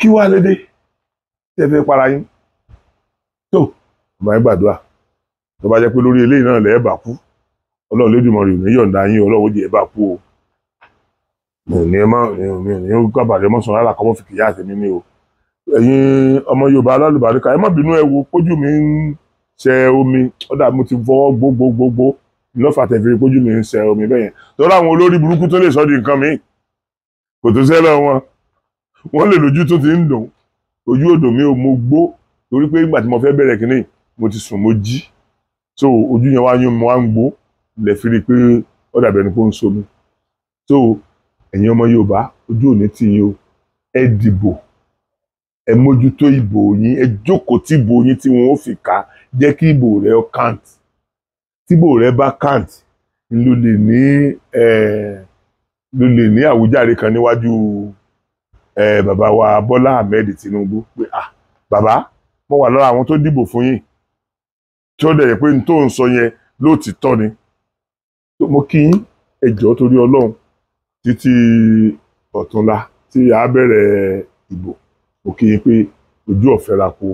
kí wàá lédè tẹ́ fẹ́ para yín tó ọmọ yẹn gbàdúrà tó bá jẹ́ pé lórí eléyìí náà lẹ́ẹ̀ bá kú ọlọ́run lójúmọ̀rì ní yọ̀ǹda yín ọlọ́run jẹ́ ẹ bá kú o mi ò ní ẹ má mi ò ní ó kábàdé ọmọ sọ̀rọ̀ àlàkọ́ mọ́ fi kìyà àtẹ̀mí mi o ẹ̀yin ọmọ yorùbá alálùbáríkà ẹ má bínú ẹ wo pójú mi ń ṣe omi ọ̀dà mo ti fọwọ́ gbogbogbò lọ́fà tẹ̀fẹ̀rẹ̀ pójú mi ń ṣe omi bẹ́ẹ̀ yẹn tọ́lá àwọn olórí burúkú tó lè sọ di nǹkan mi kò tó sẹ́ lọ wọn wọ́n lè lójú tó ti ń dùn ojú odò mi ò mo gbó torí pé nígbà tí mo fẹ́ bẹ̀rẹ̀ kínní mo ti sùn mo jí so ojú yẹn wá yún mi wá ń gbó lè fi rí i pé ọ̀dà bẹ̀rẹ̀ ni kò ń so so ẹ̀yin ọmọ Yorùbá ojú òní ti yín o ẹ dìbò ẹ mójútó ìbò yín ẹ jókòó tí ìbò yín tí wọn ó fi ká jẹ́ kí ìbò rẹ ó count tí ìbò rẹ bá count ló lè ní ló lè ní àwùjáre kan níwájú bàbá wa Bọ́lá Ahmed Tinubu pé ah bàbá mo wà lára àwọn tó dìbò fún yín tí ó dẹ̀ pé n tó ń sọ yẹn lóòtítọ́ ni mo kí yín ẹ torí Ọlọ́run títí ọ̀túnla tí a bẹ̀rẹ̀ ìbò mo kí yín pé ojú ọ̀fẹ́ ra po